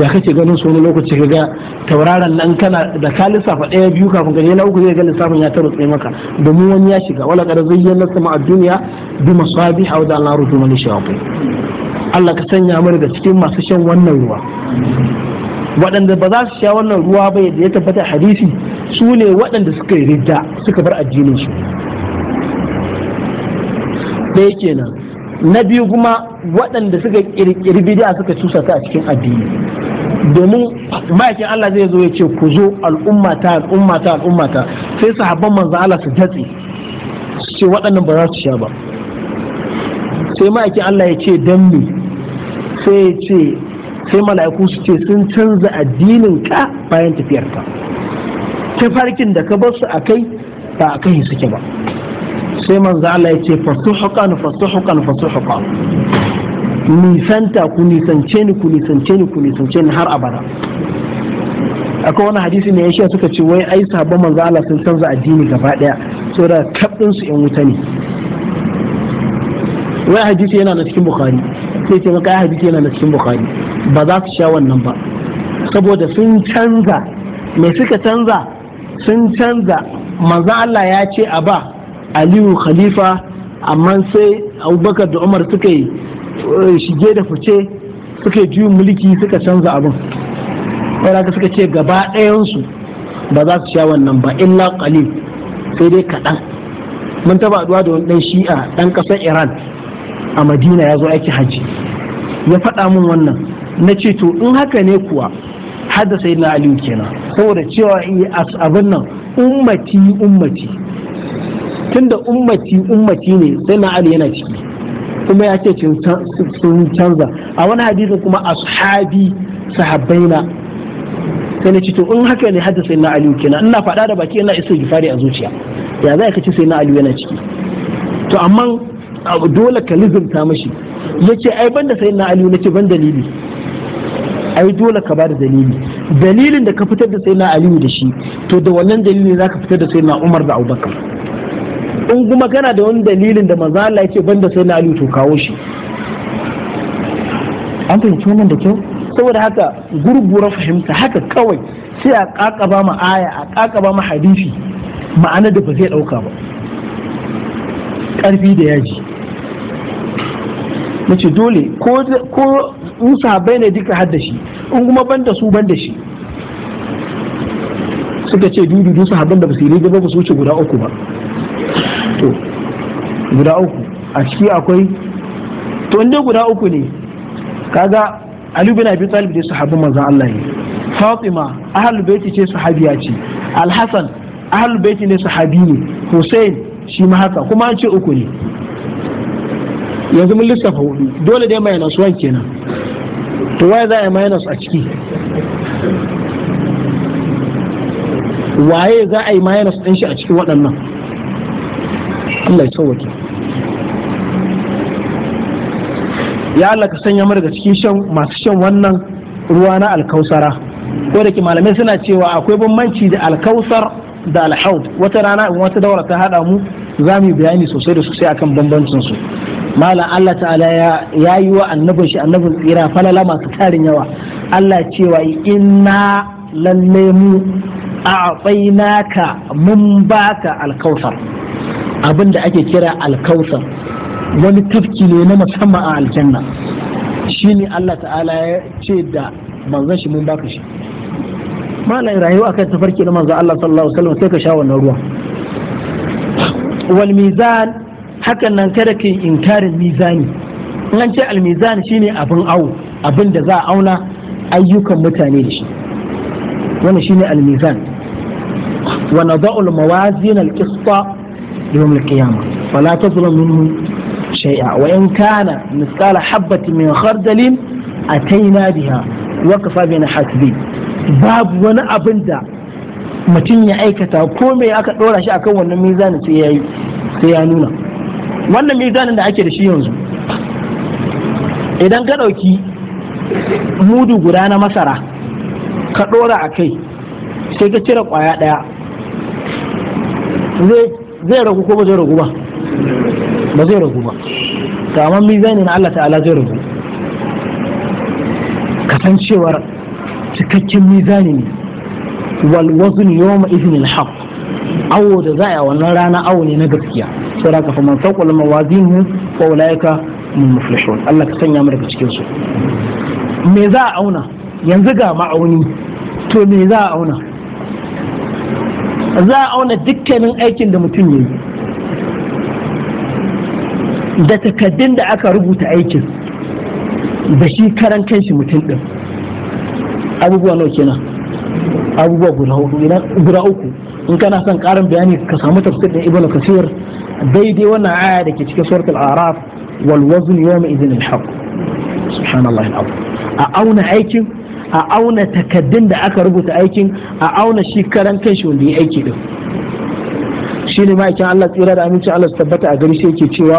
ya kake ganin su wani lokaci ga tauraron nan kana da ka lissafa ɗaya biyu kafin ka na uku zai ga lissafin ya taro tsaye maka domin wani ya shiga wala kada zai yana sama a duniya bi masabi hau da Allah rutu mani Allah ka sanya mu daga cikin masu shan wannan ruwa waɗanda ba za su sha wannan ruwa ba yadda ya tabbata hadisi su ne waɗanda suka yi ridda suka bar addinin su yake kenan na biyu kuma waɗanda suka ƙirƙiri bid'a suka cusa ta a cikin addini domin ma'aikin Allah zai zo ya ce ku zo al'ummata al'ummata al'ummata sai sahabban manzo Allah su datse su ce waɗannan ba za su sha ba sai ma'aikin Allah ya ce dan me sai ce sai mala'iku su ce sun canza addinin ka bayan tafiyar ka farkin da ka basu a kai ba a kai suke ba sai manzo Allah ya ce fasuhuqan fasuhuqan fasuhuqan nisanta ku nisance ni ku nisance ni ku nisance ni har abada akwai wani hadisi ne shi suka ce wai ai sabon manzo Allah sun canza addini gaba daya saboda kabdin su yan wuta ne wai hadisi yana na cikin bukhari sai ce maka hadisi yana cikin bukari ba za su sha wannan ba saboda sun canza me suka canza sun canza manzan Allah ya ce a ba aliyu khalifa amma sai abubakar da umar suka yi eh, shige da fice suka yi juyin mulki suka canza abin wadda suka ce gaba ɗayansu ba za su sha wannan ba illa qalil sai dai kaɗan mun taba aduwa da wani ɗan shi'a ɗan ƙasar iran a madina ya zo aiki hajji ya faɗa min wannan na ce to in haka ne kuwa hada sai na aliyu kenan saboda cewa abin nan ummati ummati tunda ummati ummati ne sai na ali yana ciki kuma ya ce sun canza a wani hadisin kuma ashabi sahabbaina sai na ce to in haka ne hada sai na aliyu kenan ina faɗa da baki ina isa gifari a zuciya ya zai ka ci sai na aliyu yana ciki to amma dole ka lizinta mashi yace ai banda sai na aliyu nace ban dalili ai dole ka bada dalili dalilin da ka fitar da sai na aliyu da shi to da wannan dalilin za ka fitar da sai na umar da abubakar in kuma kana da wani dalilin da maza Allah yace da sai na aliyu to kawo shi an fahimci wannan da kyau saboda haka gurgura fahimta haka kawai sai a kakaba ma aya a kakaba ma hadisi ma'ana da ba zai dauka ba Ƙarfi da yaji nace dole ko ko in sahabbai ne duka hadda shi in kuma da su da shi suka ce dudu du sahabban da basu yi ba su wuce guda uku ba to guda uku a ciki akwai to inda guda uku ne kaga Ali bin Abi Talib dai sahabban manzon Allah ne Fatima ahlul baiti ce sahabiya ce Al-Hasan ahlul baiti ne sahabi ne Hussein shi ma haka kuma an ce uku ne yanzu mun lissafa hudu dole dai minus one kenan to waye za a yi minus a ciki waye za a yi minus ɗin shi a cikin waɗannan Allah ya sauwake ya Allah ka sanya mu daga cikin shan masu shan wannan ruwa na alkausara ko da ke malamai suna cewa akwai bambanci da alkausar da alhaud wata rana in wata daura ta haɗa mu za mu yi bayani sosai da sosai akan bambancin su malam Allah ta'ala ya yi wa annabin shi annabin tsira falala masu tarin yawa Allah cewa inna lalle mu a ka mun baka alkausar abin da ake kira alkausar wani tafki ne na musamman a aljanna shi ne Allah ta'ala ya ce da manzan shi mun baka shi malam rayuwa kai tafarki na manzan Allah sallallahu alaihi wasallam sai ka sha wannan ruwa wal mizan hakan nan kada ka yi inkarin mizani in an ce almizani shine abin awo abin da za a auna ayyukan mutane da shi wannan shine almizan wa nadau almawazin alqista yawm alqiyamah fala tazlam minhu shay'a wa in kana mithqala habatin min khardalin ataina biha wa kafa bina hasibin babu wani abin da mutum ya aikata ko me aka ɗora shi akan wannan mizanin sai ya yi sai ya nuna wannan mizanin da ake da shi yanzu idan ka ɗauki mudu guda na masara ka ɗora a kai sai ka cire ƙwaya ɗaya zai ragu ko ba zai ragu ba ba zai ragu ba kamar mizanin Allah ta'ala zai ragu kasancewar cikakken mizani ne wal wazn yawma idhin al awo da za a wannan rana awo ne na gaskiya ka fa man fawqa mawazinhu fa ulaika mun muflihun Allah ka sanya mu daga cikin su me za a auna yanzu ga ma'auni to me za a auna za a auna dukkanin aikin da mutum ya yi da takaddun da aka rubuta aikin da shi karan kanshi mutum din abubuwa nawa kenan abubuwa guda uku idan guda uku in kana son karin bayani ka samu tafsir da ibnu kasir daidai wannan aya da ke cikin suratul araf wal wazn yawma idhin al haqq subhanallahi al a auna aikin a auna takaddun da aka rubuta aikin a auna shi karan kanshi wanda ya aiki din shi ne ma'aikin Allah tsira da aminci Allah su tabbata a gari shi yake cewa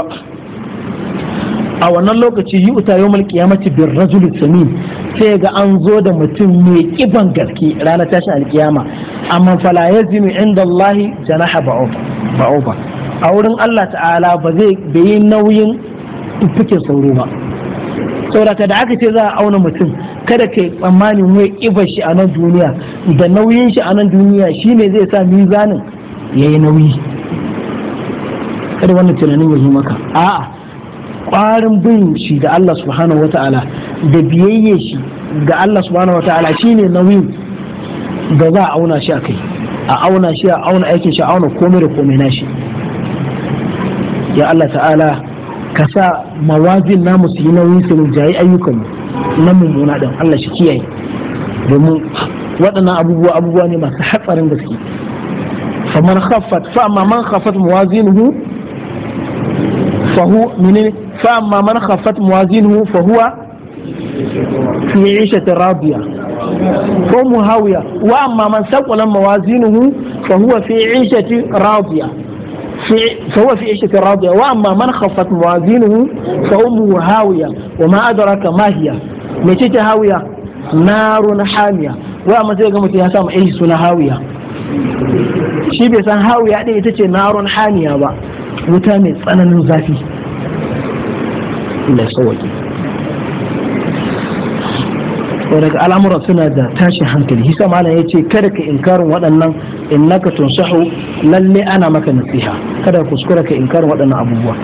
a wannan lokaci yi uta yawmal qiyamati bir bin samin sai ga an zo da mutum mai kiban gaske ranar tashin alkiyama amma fala ya zinu inda Allah janaha ba'uba a wurin Allah ta'ala ba zai yi nauyin fikin sauro ba saboda da aka ce za a auna mutum kada ka yi tsammanin wai ƙibar shi a nan duniya da nauyin shi a nan duniya shi shine zai sa mizanin ya yi nauyi kada wannan tunanin ya zo maka a'a ƙwarin bin shi da Allah subhanahu wa ta'ala da biyayye shi ga Allah subhanahu wa ta'ala shine nauyin da za a auna shi a kai a auna shi a auna aikin shi a auna komai da komai nashi. ya Allah ta'ala ka sa mawazin namu su yi nauyin su jayi ayyukan na mummuna din Allah shi kiyaye domin waɗannan abubuwa abubuwa ne masu hatsarin gaske faman khaffat fa amma man khaffat mawazinuhu fa hu min fa amma man khaffat mawazinuhu fa huwa fi 'ishatin radiya ko muhawiya wa amma man saqala mawazinuhu fa huwa fi 'ishatin radiya في فهو في عيشة راضية وأما من خفت موازينه فأمه هاوية وما أدراك ما هي متى هاوية نار حامية وأما زي قمت يا سام إيه سنة هاوية shi bai هاوية يعني ɗin نار حامية narun haniya ba wuta mai tsananin to daga al'amura suna da tashin hankali hisa malam ya ce kada ka inkarin waɗannan innaka tunsahu lalle ana maka nasiha kada ka kuskura ka inkarin waɗannan abubuwa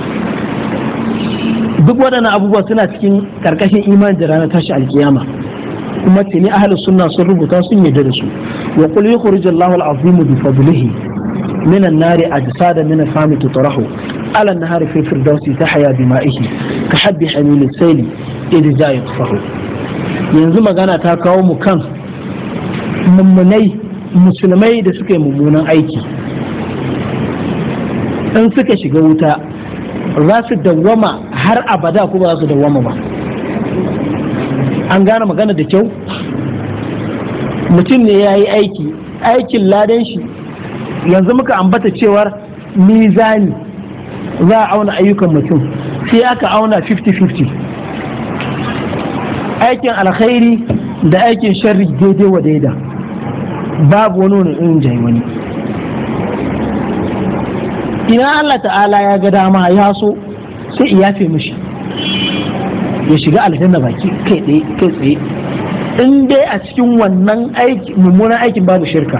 duk waɗannan abubuwa suna cikin ƙarƙashin imani da ranar tashi alkiyama kuma tuni ahlus sunna sun rubuta sun yadda da su wa qul yukhrijullahu al-azim bi fadlihi min an-nari ajsada min al-fami tutrahu ala an-nahari fi firdausi tahya bima'ihi ka habbi hamil al-sayli idza yatfahu yanzu magana ta kawo mu kan mummunai musulmai da suka yi mummunan aiki in suka shiga wuta za su dawwama har abada ko ba za su dawwama ba an gane magana da kyau mutum ne ya yi aiki aikin ladan shi yanzu muka ambata cewar mizani za a auna ayyukan mutum sai aka auna 50-50 aikin alkhairi da aikin sharri daidai wa daida babu wani wani in jai wani ina Allah ta'ala ya ga dama ya so sai iya fi mishi ya shiga aljanna baki kai tsaye in dai a cikin wannan aiki mummunan aikin babu shirka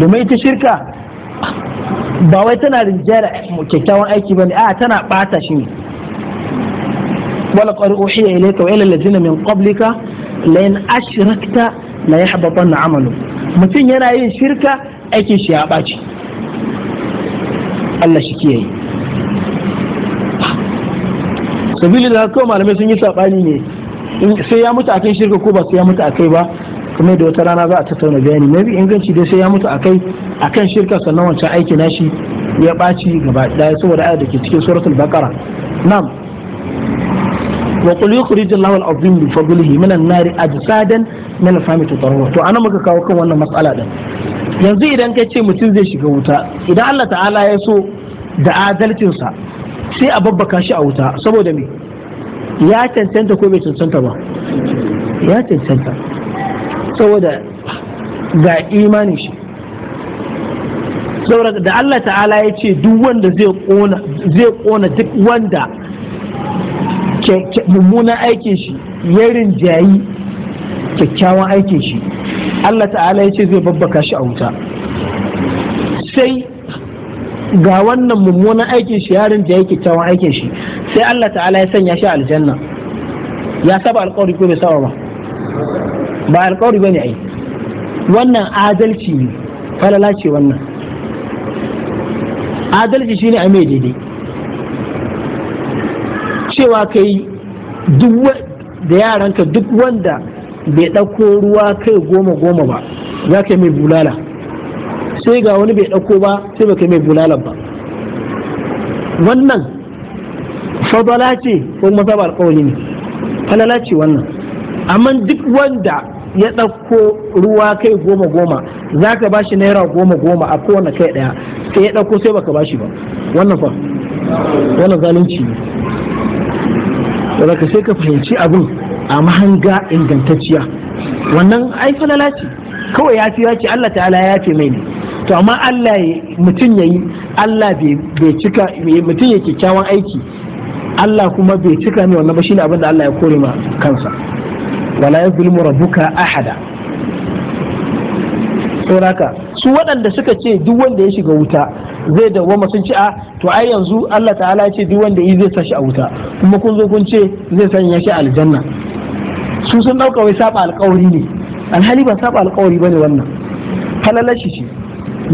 domin ita shirka ba wai tana rinjaya da kyakkyawan aiki ba ne a tana bata shi ne ولقد أوحي إليك وإلى الذين من قبلك لئن أشركت la ya haɓaɓɓan na amalu mutum yana yin shirka aikin shi ya Allah shi ke yi sabili da kawai malamai sun yi sabani ne sai ya mutu akai shirka ko ba sai ya mutu akai ba kuma da wata rana za a tattauna bayani mai inganci dai sai ya mutu akai akan shirka sannan wancan aiki nashi ya baci gaba daya saboda ayat da ke cikin suratul baqara na'am wa qul yukhrijullahu al-azim bi fadlihi min an-nari ajsadan min al-fami tutarawwa to ana muka kawo kan wannan matsala din yanzu idan ka ce mutum zai shiga wuta idan Allah ta'ala ya so da adalcinsa sai a babbaka shi a wuta saboda me ya cancanta ko bai cancanta ba ya cancanta saboda ga imanin shi saboda da Allah ta'ala ya ce duk wanda zai kona duk wanda mummunan aikin shi yarin jayi kyakkyawan aikin shi Allah ta'ala ya ce zai babbaka shi a wuta sai ga wannan mummunan aikin shi yarin jayi kyakkyawan aikin shi sai Allah ta'ala ya sanya shi aljanna ya saba alkawari ko bai saba ba ba alkawari bane ai wannan adalci ne falala ce wannan adalci shine a mai daidai cewa kai duk da yaranka duk wanda bai ɗauko ruwa kai goma goma ba za ka yi mai bulala sai ga wani bai ɗauko ba sai ba ka yi mai bulala ba wannan fadala ce ko mazhabar alƙawari ne falala ce wannan amma duk wanda ya ɗauko ruwa kai goma goma za ka ba shi naira goma goma a kowane kai ɗaya sai ya ɗauko sai baka ba shi ba wannan fa wannan zalunci ne saboda sai ka fahimci abin a mahanga ingantacciya wannan ai falala ce kawai ya fi ya ce Allah ta'ala ya ce mai ne to amma Allah ya mutum ya yi Allah bai cika mutum ya kyakkyawan aiki Allah kuma bai cika mai wannan ba shine abin da Allah ya kore ma kansa wala yazlimu rabbuka ahada saboda su waɗanda suka ce duk wanda ya shiga wuta zai dawwama sun ci a to ai yanzu Allah ta'ala ya ce duk wanda yi zai sa shi a wuta kuma kun zo kun ce zai sanya shi aljanna su sun dauka wai saba alƙawari ne alhali ba saba alƙawari bane wannan halalashi ce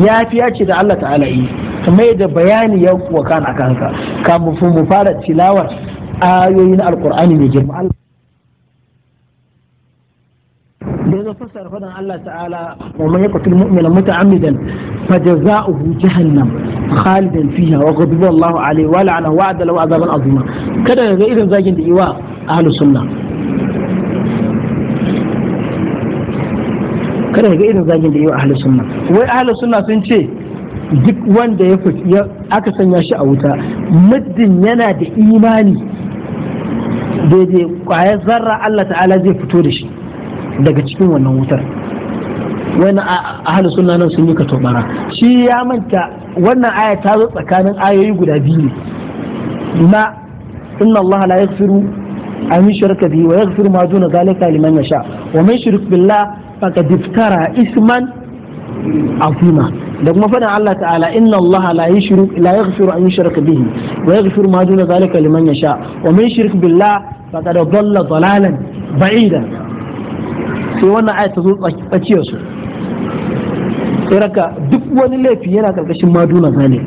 yafiya ce da Allah ta'ala yi kuma yadda bayani ya akan ka kafin mu fara tilawar ayoyin alƙur'ani mai girma da ya zo fassara fadan Allah ta'ala wa man yaqtul mu'mina muta'ammidan fa fajaza'uhu jahannam khalidan fiha wa ghadiba Allahu alayhi wa la'ana wa adala wa azaban azima kada ga irin zagin da iwa ahlus sunna kada ga irin zagin da iwa ahlus sunna wai ahlus sunna sun ce duk wanda ya fi aka sanya shi a wuta muddin yana da imani daidai kwayar zarra Allah ta'ala zai fito da shi daga cikin wannan wutar wani hali suna nan sun yi ka tobara shi ya manta wannan aya ta zo tsakanin ayoyi guda biyu na inna Allah la yaghfiru an yushraka bihi wa yaghfiru ma duna zalika liman yasha wa man yushrik billah faqad iftara isman azima da kuma faɗin Allah ta'ala inna Allah la yushrik la yaghfiru an yushraka bihi wa yaghfiru ma duna zalika liman yasha wa man yushrik billah faqad dhalla dhalalan ba'ida sai wannan ayat ta zo tsakiyar su raka duk wani laifi yana karkashin maduna zalik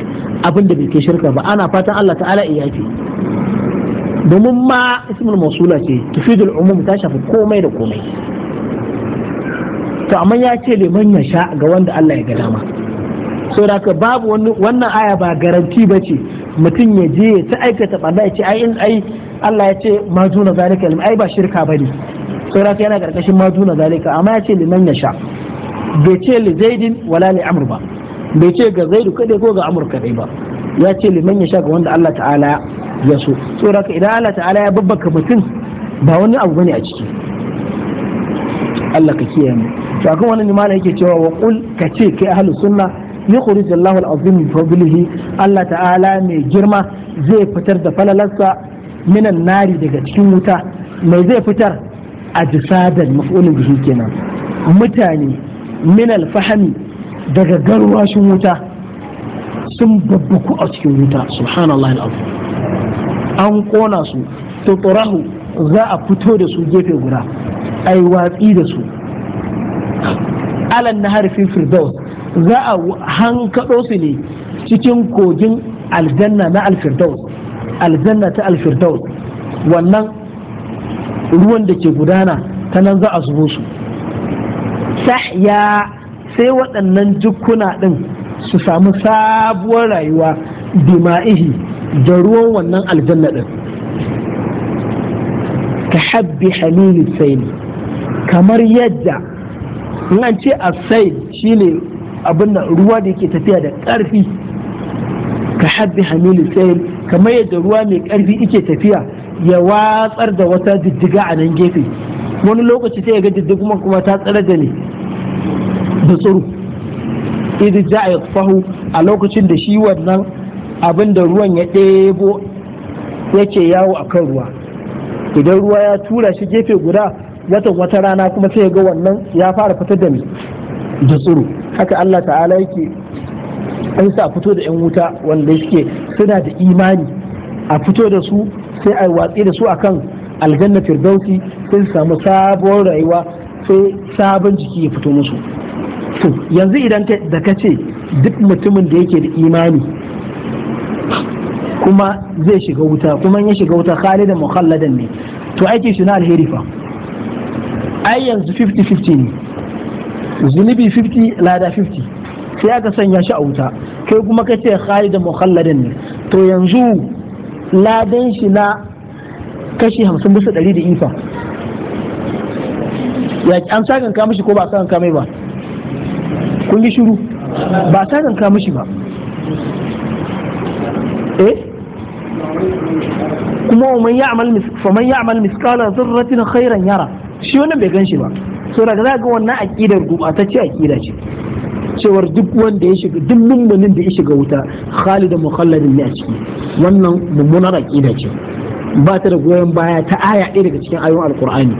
abin da bai kai shirka ba ana fatan Allah ta'ala ya yafi domin ma ismul mausula ce tufidul umum ta shafi komai da komai to amma ya ce liman ya sha ga wanda Allah ya ga dama sai raka babu wannan aya ba garanti ba ce mutum ya je ya ta aikata ɓarna ya ce ai ai Allah ya ce ma juna zalika ai ba shirka ba ne sauraka yana karkashin ma juna zalika amma ya ce liman ya sha bai ce li zaidin wala li amr ba bai ce ga zaidu kadai ko ga amr kadai ba ya ce liman ya sha ga wanda Allah ta'ala ya so ka idan Allah ta'ala ya babbaka mutum ba wani abu bane a ciki Allah ka kiyaye mu to akan wannan ne malai yake cewa wa qul ka ce kai ahlus sunna yukhrij Allahu al-azim min fadlihi Allah ta'ala mai girma zai fitar da falalarsa minan nari daga cikin wuta mai zai fitar ajsadan maf'ulun bihi kenan mutane min alfahami daga garwashin wuta sun babbaku a cikin wuta subhanallah al'adu an kona su tuturahu za a fito da su gefe guda yi watsi da su alan na harfin firdaus za a hankaɗo su ne cikin kogin aljanna na alfirdaus aljanna ta alfirdaus wannan ruwan da ke gudana ta nan za a zubo su sahya sai waɗannan jukuna ɗin su samu sabuwar rayuwa dima'ihi da ruwan wannan aljanna ɗin ka habbi halilin saini kamar yadda in an ce shi shine abin ruwa da yake tafiya da ƙarfi ka habbi halilu saini kamar yadda ruwa mai ƙarfi yake tafiya ya watsar da wata diddiga a nan gefe wani lokaci sai ya ga diddigumar kuma ta tsare da ne da tsoro idi ja ya fahu a lokacin da shi wannan abin da ruwan ya ɗebo yake yawo a kan ruwa idan ruwa ya tura shi gefe guda watan wata rana kuma sai ya ga wannan ya fara fitar da ni da tsuru haka Allah ta'ala yake an sa fito da 'yan wuta wanda suke suna da imani a fito da su sai a watsi da su akan aljanna firdausi sai su samu sabuwar rayuwa sai sabon jiki ya fito musu to yanzu idan da ka ce duk mutumin da yake da imani kuma zai shiga wuta kuma ya shiga wuta khalidan mukhalladan ne to aiki shi na alheri fa ai yanzu 50-50 ne zunubi 50 lada 50 sai aka sanya shi a wuta kai kuma ka ce khalidan mukhalladan ne to yanzu ladan shi na kashi hamsin bisa ɗari da ifa ya an sakan ka mishi ko ba sakan ka mai ba kun yi shiru ba sakan ka mishi ba eh kuma man ya'mal faman ya'mal miskala dhurratin khairan yara shi wannan bai gan shi ba so daga za ga wannan aqidar gubatacce aqida ce cewar duk wanda ya shiga duk mummunin da ya shiga wuta khalidan mukhalladin ne a ciki wannan mummunar aqida ce ba ta da goyon baya ta aya ɗaya daga cikin ayoyin alqur'ani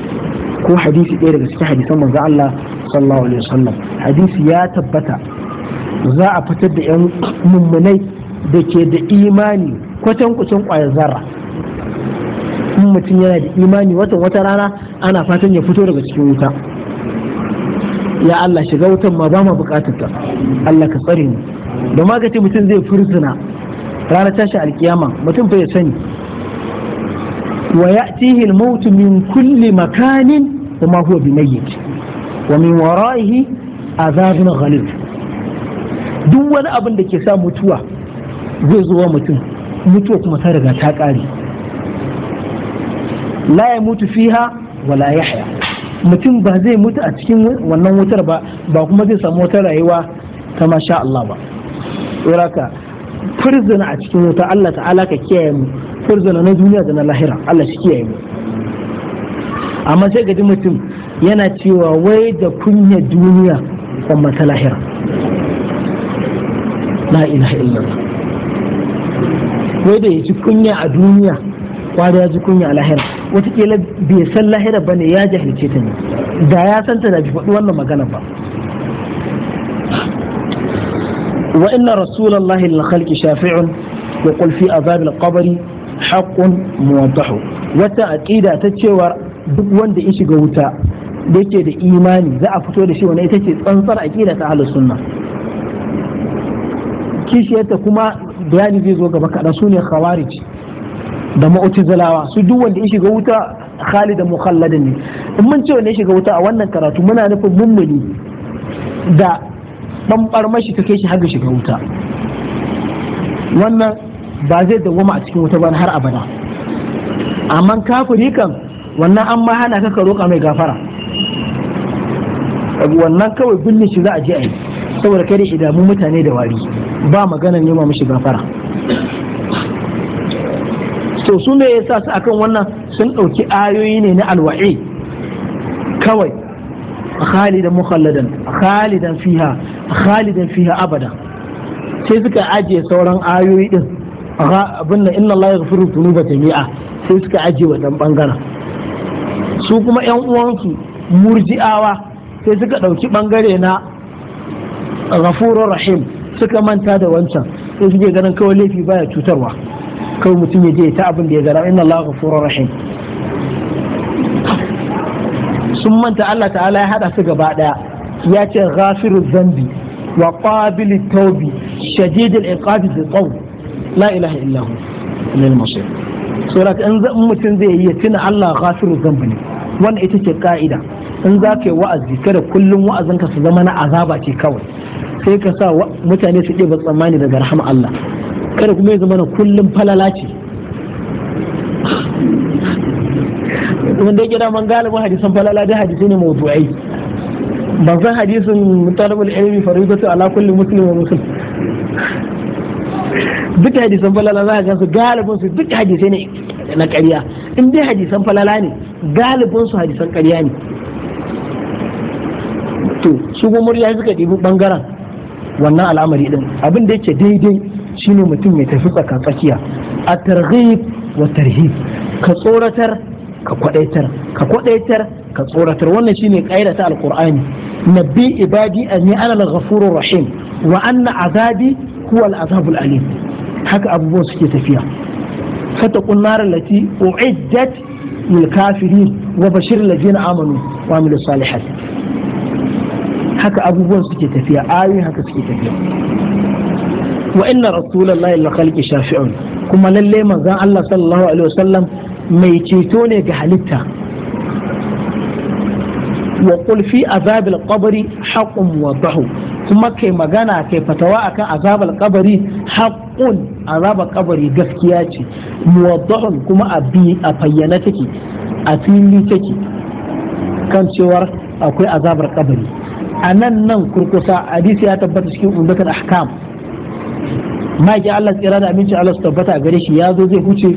ko hadisi ɗaya daga cikin hadisan manzo Allah sallallahu alaihi wasallam hadisi ya tabbata za a fitar da yan mummunai da ke da imani kwatan kucin ƙwayar zarra in mutum yana da imani watan wata rana ana fatan ya fito daga cikin wuta ya Allah shiga wutan ma ba ma bukatar ta Allah ka tsare mu da ma mutum zai fursuna ranar tashi alkiyama mutum bai sani wa ya'tihi al-maut min kulli makanin wa ma huwa bimayyit wa min wara'ihi azabun ghalib duk wani abin da ke sa mutuwa zai zo wa mutum mutuwa kuma ta riga ta kare la ya mutu fiha wala yahya mutum ba zai mutu a cikin wannan wutar ba ba kuma zai samu wata rayuwa ta masha Allah ba saboda firzina a cikin wuta Allah ta'ala ka kiyaye mu furzuna na duniya da na lahira Allah shi kiyaye mu amma sai gaji mutum yana cewa wai da kunya duniya kan mata lahira la ilaha illallah wai da ya ci kunya a duniya kwari ya ji kunya a lahira watakila bai san lahira ba ne ya jahilce ta ne da ya san ta da bi faɗi wannan magana ba wa inna rasulallahi lil khalqi shafi'un wa qul fi azab al qabri haqqun muwaddah wata aqida ta cewa duk wanda ya shiga wuta da yake da imani za a fito da shi wani ita ce tsantsar aqida ta ahlus sunna kishiyarta kuma bayani zai zo gaba kaɗan su ne khawarij da mautizalawa su duk wanda ya shiga wuta khalid da mukhalladin ne in mun ce wanda ya shiga wuta a wannan karatu muna nufin mummuni da bambar mashi ta kai shi har shiga wuta wannan ba zai dawwama a cikin wuta ba har abada amma kafiri kan wannan an ma hana ka roƙa mai gafara wannan kawai binne shi za a je a yi saboda kada idamu mutane da wari ba magana ma mashi gafara to su me yasa su akan wannan sun ɗauki ayoyi ne na alwa'i kawai khalidan mukhalladan khalidan fiha khalidan fiha abada sai suka ajiye sauran ayoyi din abin nan inna Allah yaghfiru dhunuba jami'a sai suka ajiye dan bangaren su kuma yan uwansu murji'awa sai suka ɗauki bangare na ghafurur rahim suka manta da wancan sai suke ganin kawai laifi baya cutarwa kawai mutum ya je ta abin da ya gara inna Allah ghafurur rahim sun manta Allah ta'ala ya hada su gaba daya ya ce ghafiru zambi wa qabilu tawbi shadidul iqabi bi qawl la ilaha illa hu lil masir sura in mutum zai yi tuna Allah ghafiru zambi ne wannan ita ce ka'ida in za ka yi wa'azi kada kullum wa'azinka su zama na azaba ce kawai sai ka sa mutane su ɗeba tsammani daga rahama Allah kada kuma ya zama na kullum falala ce wanda yake man galibin hadisan falala da hadisi ne mawdu'ai ba san hadisin talibul ilmi faridatu ala kulli muslim wa muslim duk hadisan falala za ka gansu galibin su duk hadisai ne na ƙarya in dai hadisan falala ne galibin su hadisan ƙarya ne to su kuma murya suka ɗibi bangaren wannan al'amari din abin da yake daidai shine mutum ya tafi tsaka tsakiya a targhib wa tarhib ka tsoratar ka kwadaitar ka kwadaitar ka tsoratar wannan shine kaida ta alqur'ani nabbi ibadi anni ana al-ghafurur rahim wa anna azabi huwa al-azabul alim haka abubuwan suke tafiya fatakun narar lati uiddat lil kafirin wa bashir ladina amanu wa amilu salihat haka abubuwan suke tafiya ayoyi haka suke tafiya wa inna rasulullahi la khalqi shafi'un kuma lalle manzon Allah sallallahu alaihi wasallam mai ceto ne ga halitta wa qul fi azabil qabri haqqun dahu kuma kai magana kai fatawa akan azabal kabari haqqun azabal kabari gaskiya ce muwaddahun kuma a bi a fayyana take a fili take kan cewar akwai azabar kabari a nan nan kurkusa hadisi ya tabbata cikin umdatul ahkam maki Allah tsira da aminci Allah su tabbata a gare shi ya zo zai huce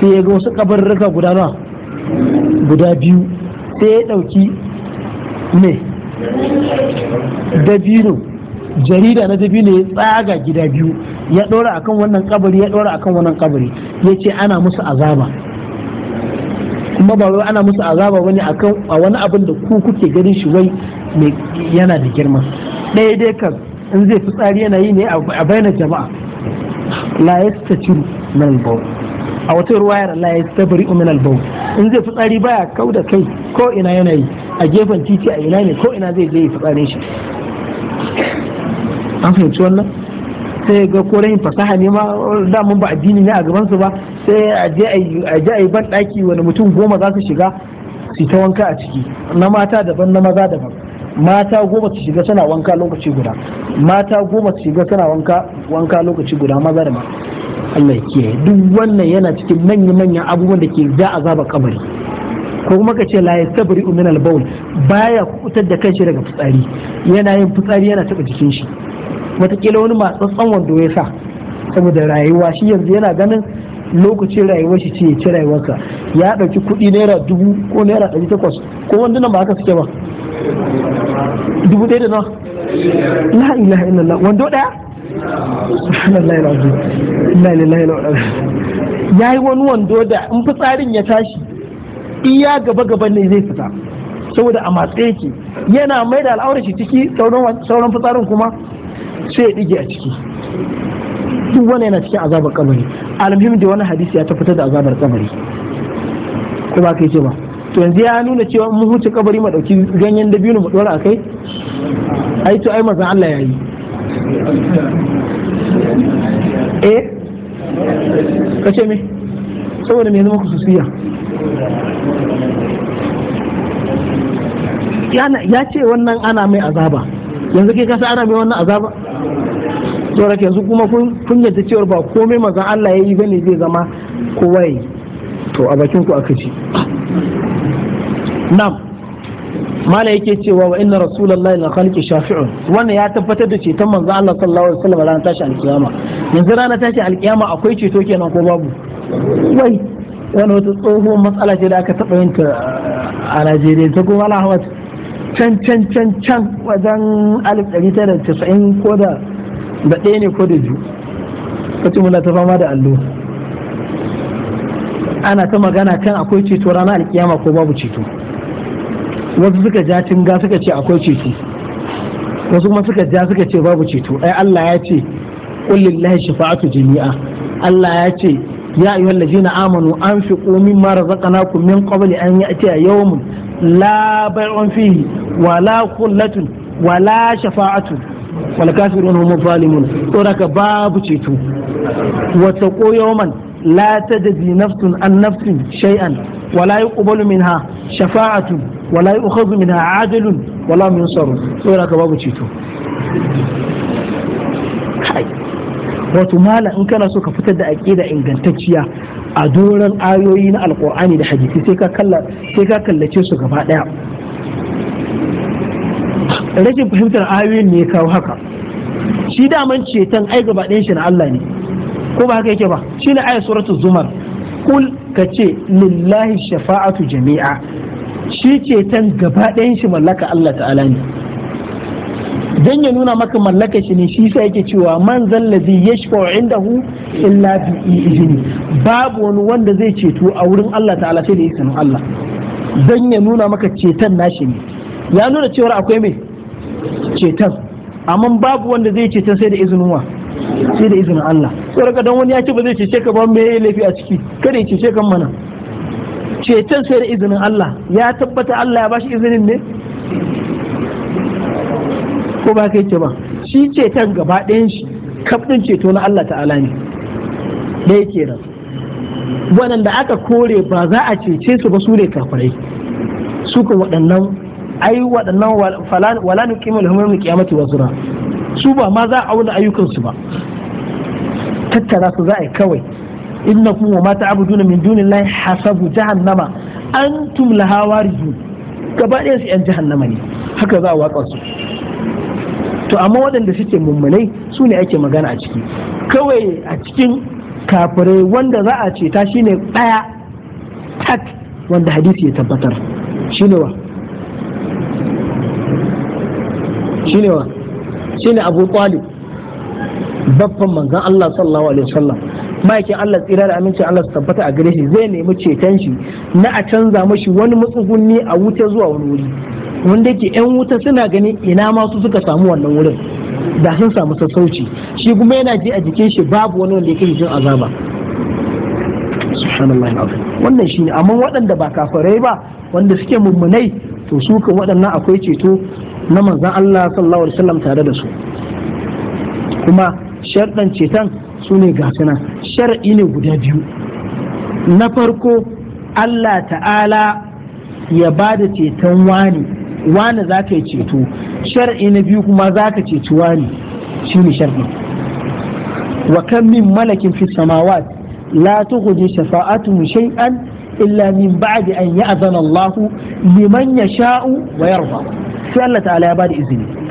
sai ya ga wasu kabarurruka guda nawa guda biyu sai ya dauki me dabino jarida na dabino ya tsaga gida biyu ya dora akan wannan kabari ya dora akan wannan kabari ya ce ana musu azaba kuma ba ana musu azaba wani akan a wani abin da ku kuke ganin shi wai yana da girma ɗaya dai kan in zai fitsari yana yi ne a bayyana jama'a la yastatiru min al-bawl a wata ruwayar la yastabri in zai fitsari baya kau da kai ko ina yana a gefen titi a ina ne ko ina zai je ya fitsarin shi an fahimci wannan sai ga ko rahin fasaha ne ma da mun ba addini ne a gaban ba sai a je a yi ban wani mutum goma za su shiga su ta wanka a ciki na mata daban na maza daban mata goma su shiga suna wanka lokaci guda mata goma su shiga suna wanka wanka lokaci guda maza da Allah ya duk wannan yana cikin manya-manyan abubuwan da ke za a zaba kabari ko kuma ka ce la ya sabri min al baya kutar da kanshi daga fitsari yana yin fitsari yana taba jikin shi wataƙila wani matsatsan wando ya sa saboda rayuwa shi yanzu yana ganin lokacin rayuwar shi ce ya ci rayuwarsa ya ɗauki kuɗi naira dubu ko naira ɗari takwas ko wanda wandunan ba haka suke ba dubu ɗaya da nawa la ilaha illallah wando ɗaya subhanallahi alazim la ilaha illallah yayi wani wando da in fitsarin ya tashi iya gaba gaban ne zai fita saboda a matsayi ke yana mai da al'aura shi ciki sauran fitsarin kuma sai ya ɗige a ciki duk wani yana cikin azabar kabari alhamdulillah da wani hadisi ya tabbatar da azabar kabari ko ba kai ce ba to yanzu ya nuna cewa mun huce kabari mu dauki ganyen biyu mu dora akai ai to ai maza Allah yayi eh kace me saboda me zama yana ya ce wannan ana mai azaba yanzu kai kasa ana mai wannan azaba rake yanzu kuma kun yadda cewar ba komai mazan Allah ya yi bane zai zama kowa yi to a bakin ku aka ci nam mala yake cewa wa inna rasulullahi la khalqi shafi'un wannan ya tabbatar da ceton manzo Allah sallallahu alaihi wasallam ranar tashi alkiyama yanzu ranar tashi alkiyama akwai ceto kenan ko babu wai wani wata tsohuwar matsala ce da aka taɓa yin ta a Najeriya ta kuma Ahmad can can can can wajen 1990 ko da da ɗaya ne ko da biyu kace muna ta fama da allo ana ta magana kan akwai ceto ranar alkiyama ko babu ceto wasu suka ja tinga suka ce akwai ceto wasu kuma suka ja suka ce babu ceto ai Allah ya ce qul shafa'atu jami'a Allah ya ce ya ayyuhal ladina amanu anfiqu mimma razaqnakum min qabli an ya'tiya yawmun la bay'un fihi wa la khullatun wa la shafa'atun wal kafirun hum zalimun to daga babu ceto wa taqu yawman la tajzi nafsun an nafsin shay'an wa la yuqbalu minha shafa'atun wala yu'khadhu minha adilun wala yunsar saboda ka babu ceto wato mala in kana so ka fitar da aqida ingantacciya a doron ayoyi na alkur'ani da hadisi sai ka kalla sai ka kallace su gaba daya rashin fahimtar ayoyin ne ya kawo haka shi daman ceton ai gaba ɗayan shi na Allah ne ko ba haka yake ba shi ne ayat suratul zumar kul ka ce lillahi shafa'atu jami'a shi ceton gaba ɗayan shi mallaka Allah ta'ala ne dan ya nuna maka mallaka shi ne shi sa yake cewa man zallazi yashfa'u indahu illa bi izini babu wani wanda zai ceto a wurin Allah ta'ala sai da izinin Allah dan ya nuna maka ceton nashi ne ya nuna cewa akwai mai ceton amma babu wanda zai ceton sai da izinin wa sai da izinin Allah ka dan wani ya ce ba zai cece ka ba me laifi a ciki kada ya cece kan mana ceton sai da izinin Allah ya tabbata Allah ya bashi izinin ne ko ba kai ce ba shi ceton gaba ɗayan shi kafin ceto na Allah ta'ala ne da yake nan waɗanda aka kore ba za a cece su ba su ne kafirai su ka waɗannan ai waɗannan wala nuqimu mai qiyamati wasu su ba ma za a auna ayyukansu ba tattara su za a yi kawai innakum wa ma ta'buduna min dunillahi hasabu jahannama antum laha rigu. gaba ɗaya su yan jahannama ne haka za a watsa su to amma waɗanda suke mummunai su ne ake magana a ciki kawai a cikin kafirai wanda za a ta shine ɗaya tak wanda hadisi ya tabbatar shine wa shine wa shine abu talib babban manzon Allah sallallahu alaihi wasallam ma'aikin Allah tsira da amincin Allah su tabbata a gare shi zai nemi ceton shi na a canza mashi wani matsugunni a wuta zuwa wani wuri wanda yake yan wuta suna gani ina ma su suka samu wannan wurin da sun samu sassauci shi kuma yana ji a jikin shi babu wani wanda yake jin azaba wannan wannan ne, amma waɗanda ba kafirai ba wanda suke mummunai to su kan waɗannan akwai ceto na manzan Allah sallallahu alaihi wasallam tare da su kuma sharɗan ceton su ne ga suna shar'i ne guda biyu na farko Allah ta'ala ya ba da ceton wani wani za ka yi ceto shar'i na biyu kuma za ka ceci wani shi ne shar'i wa kan min malakin fi samawat la shafa'atu shafa'atuhum shay'an illa min ba'di an ya'zana Allahu liman yasha'u wa yarda sai Allah ta'ala ya ba da izini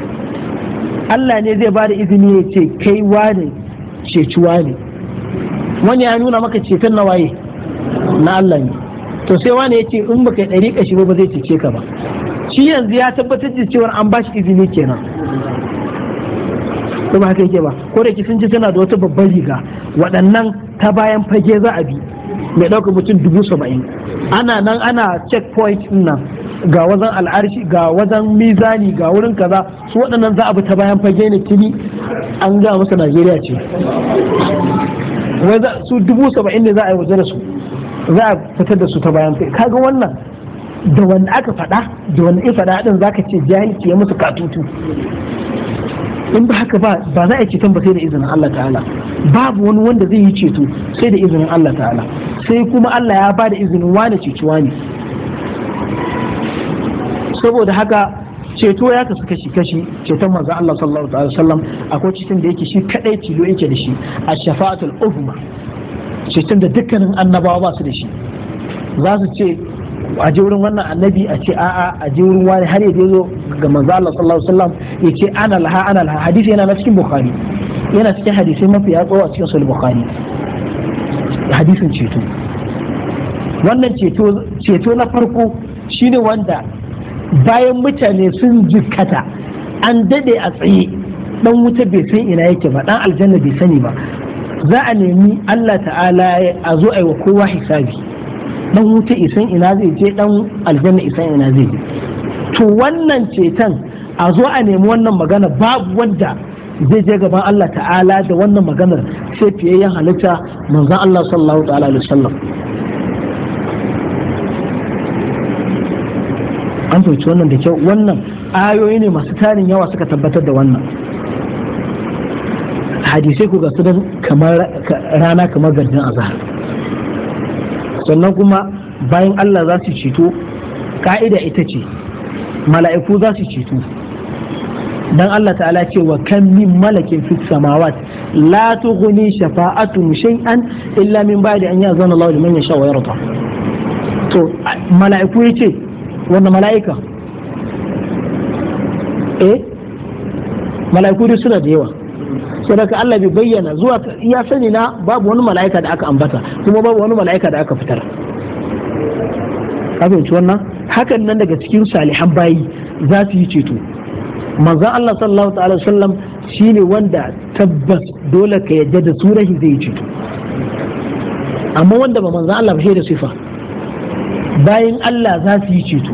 Allah ne zai da izini ya ce kai wane cecuwa ne wani ya nuna maka ceton na waye na Allah ne to sai wani ya ce in kai ɗari kashi ba zai cece ka ba shi yanzu ya tabbatar da cewa an ba shi izini kenan ko ba haka yake ba ko da sun ji tana da wata babbar riga waɗannan ta bayan fage za a bi mai ɗaukar mutum dubu saba'in ana nan ana checkpoint nan ga wazan al'arshi ga wazan mizani ga wurin kaza su waɗannan za a bi ta bayan fage ne kini an ga masa najeriya ce su dubu saba'in ne za a yi waje da su za a fitar da su ta bayan fage kaga wannan da wanda aka faɗa da wanda ya faɗa ɗin ka ce jahilci ya musu katutu in ba haka ba ba za a ceton ba sai da izinin Allah ta'ala babu wani wanda zai yi ceto sai da izinin Allah ta'ala sai kuma Allah ya ba da izinin wane ceci wane saboda haka ceto ya kasu kashi kashi ceton manzon Allah sallallahu alaihi wasallam akwai cikin da yake shi kadai tilo yake da shi a shafaatul uzma ceton da dukkanin annabawa ba su da shi za su ce a je wurin wannan annabi a ce a'a a je wurin wani har ya zo ga manzo Allah sallallahu alaihi wasallam ya ce ana laha ana laha hadisi yana na cikin bukhari yana cikin hadisi mafi ya tsawo a cikin sahih bukhari hadisin ceto wannan ceto ceto na farko shine wanda bayan mutane sun jikkata an dade a tsaye dan wuta bai san ina yake ba dan aljanna bai sani ba za a nemi Allah ta'ala a zo a yi wa kowa hisabi dan wuta isan ina zai je dan aljanna isan ina zai je to wannan ceton a zo a nemi wannan magana babu wanda zai je gaban Allah ta'ala da wannan maganar sai fiye yan halitta manzon Allah sallallahu ta'ala alaihi wasallam an fahimci wannan da kyau wannan ayoyi ne masu tarin yawa suka tabbatar da wannan hadisai ku gasu don rana kamar gardin azhar sannan kuma bayan Allah za su ceto ka'ida ita ce mala'iku za su ceto dan Allah ta'ala ce wa kan min malakin fi samawat la tughni shafa'atuhum shay'an illa min ba'di an ya'zana Allah liman yasha wa yarda to mala'iku yace Wannan mala'ika eh mala'iku dai suna da yawa saboda Allah bai bayyana zuwa ya sani na babu wani mala'ika da aka ambata kuma babu wani mala'ika da aka fitar ka wannan hakan nan daga cikin salihan bayi za su yi ceto manzan Allah sallallahu ta'ala sallam shine wanda tabbas dole ka yadda da surahi zai yi ceto amma wanda ba manzan Allah ba shi da sifa bayan Allah za su yi ceto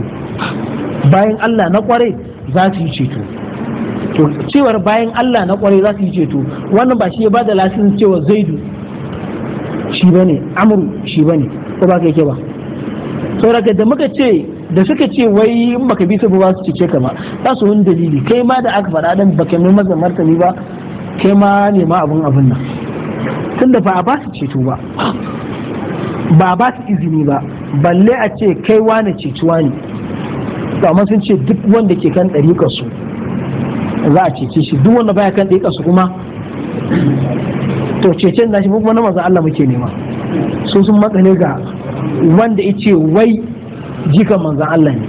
bayan Allah na kware za su yi ceto to cewar bayan Allah na kware za su yi ceto wannan ba shi ya bada lasin cewa zaidu shi bane amuru shi bane ko ba ka ke ba saboda da muka ce da suka ce wai maka bi su ba su cike ka ba za su wani dalili kai ma da aka faɗa dan baka mai maza martani ba kai ma ne ma abun abun nan tunda ba a ba su ceto ba ba ba su izini ba balle a ce kai wane ciciwa ne amma sun ce duk wanda ke kan ɗariƙar su za a cece shi duk wanda baya kan ɗariƙar su kuma to na shi, kuma na maza Allah muke nema su sun matsale ga wanda ya ce wai jikan manzon Allah ne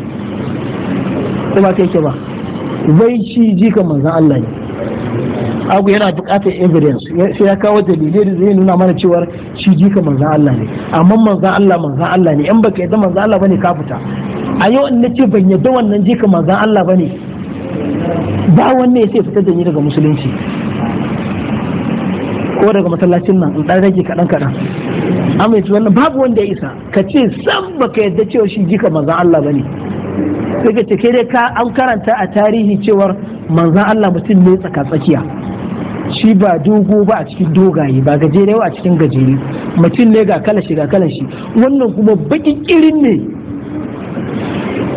ko ba kai ke ba wai shi jikan manzan Allah ne abu yana buƙatar evidence sai ya kawo dalilai da zai nuna mana cewa shi jika manzan Allah ne amma manzan Allah manzan Allah ne in baka yadda manzan Allah bane ka fita a yau in nace ban yadda wannan jika manzan Allah bane ba wanne sai fitar da ni daga musulunci ko daga masallacin nan in dan rage kadan kadan amma yace wannan babu wanda ya isa ka ce san baka yadda cewa shi jika manzan Allah bane sai ka ce kai dai ka an karanta a tarihi cewar manzan Allah mutum ne tsaka tsakiya shi ba dogo ba a cikin dogaye ba gajere a cikin gajere mutum ne ga shi ga shi wannan kuma bakin irin ne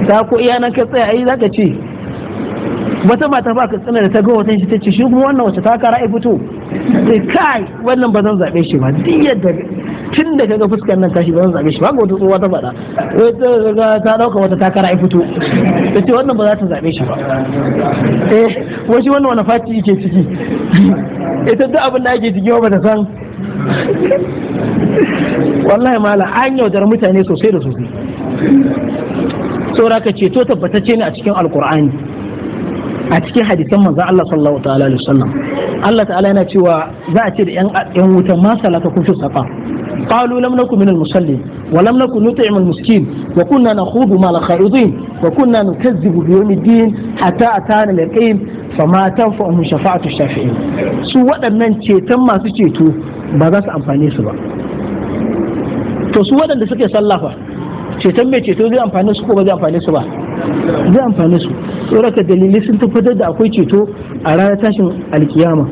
ta ko iya nan ka tsaya ai ka ce wata mata ba ka tsana da ta ga watan shi ta ce shi kuma wannan wacce ta kara ai fito sai kai wannan ba zan zabe shi ba duk yadda tun da ga fuskar nan tashi ba zan zabe shi ba wata tsohuwa ta faɗa Wai ta dauka wata takara ai fito ta ce wannan ba za ta zabe shi ba eh wai wannan wani faci yake ciki ita duk abin da ake ciki ba ta san wallahi mala an yaudar mutane sosai da sosai saboda ka to tabbatacce ne a cikin alkur'ani a cikin hadisan manzon Allah sallallahu ta'ala alaihi wasallam Allah ta'ala yana cewa za a ce da yan yan wuta ma salata kun fi safa qalu lam nakum minal musallin wa lam nakun nut'imu al miskin wa kunna nakhudu ma al khaidin wa kunna nukazzibu bi yawmiddin hatta atana al yaqin fama tanfa'uhum shafa'atu shafi'in su waɗannan ceton masu ceto ba za su amfane su ba to su waɗanda suke sallafa ceton mai ceto zai amfane su ko ba zai amfane su ba zai amfani su tsoraka dalilai sun tabbatar da akwai ceto a ranar tashin alkiyama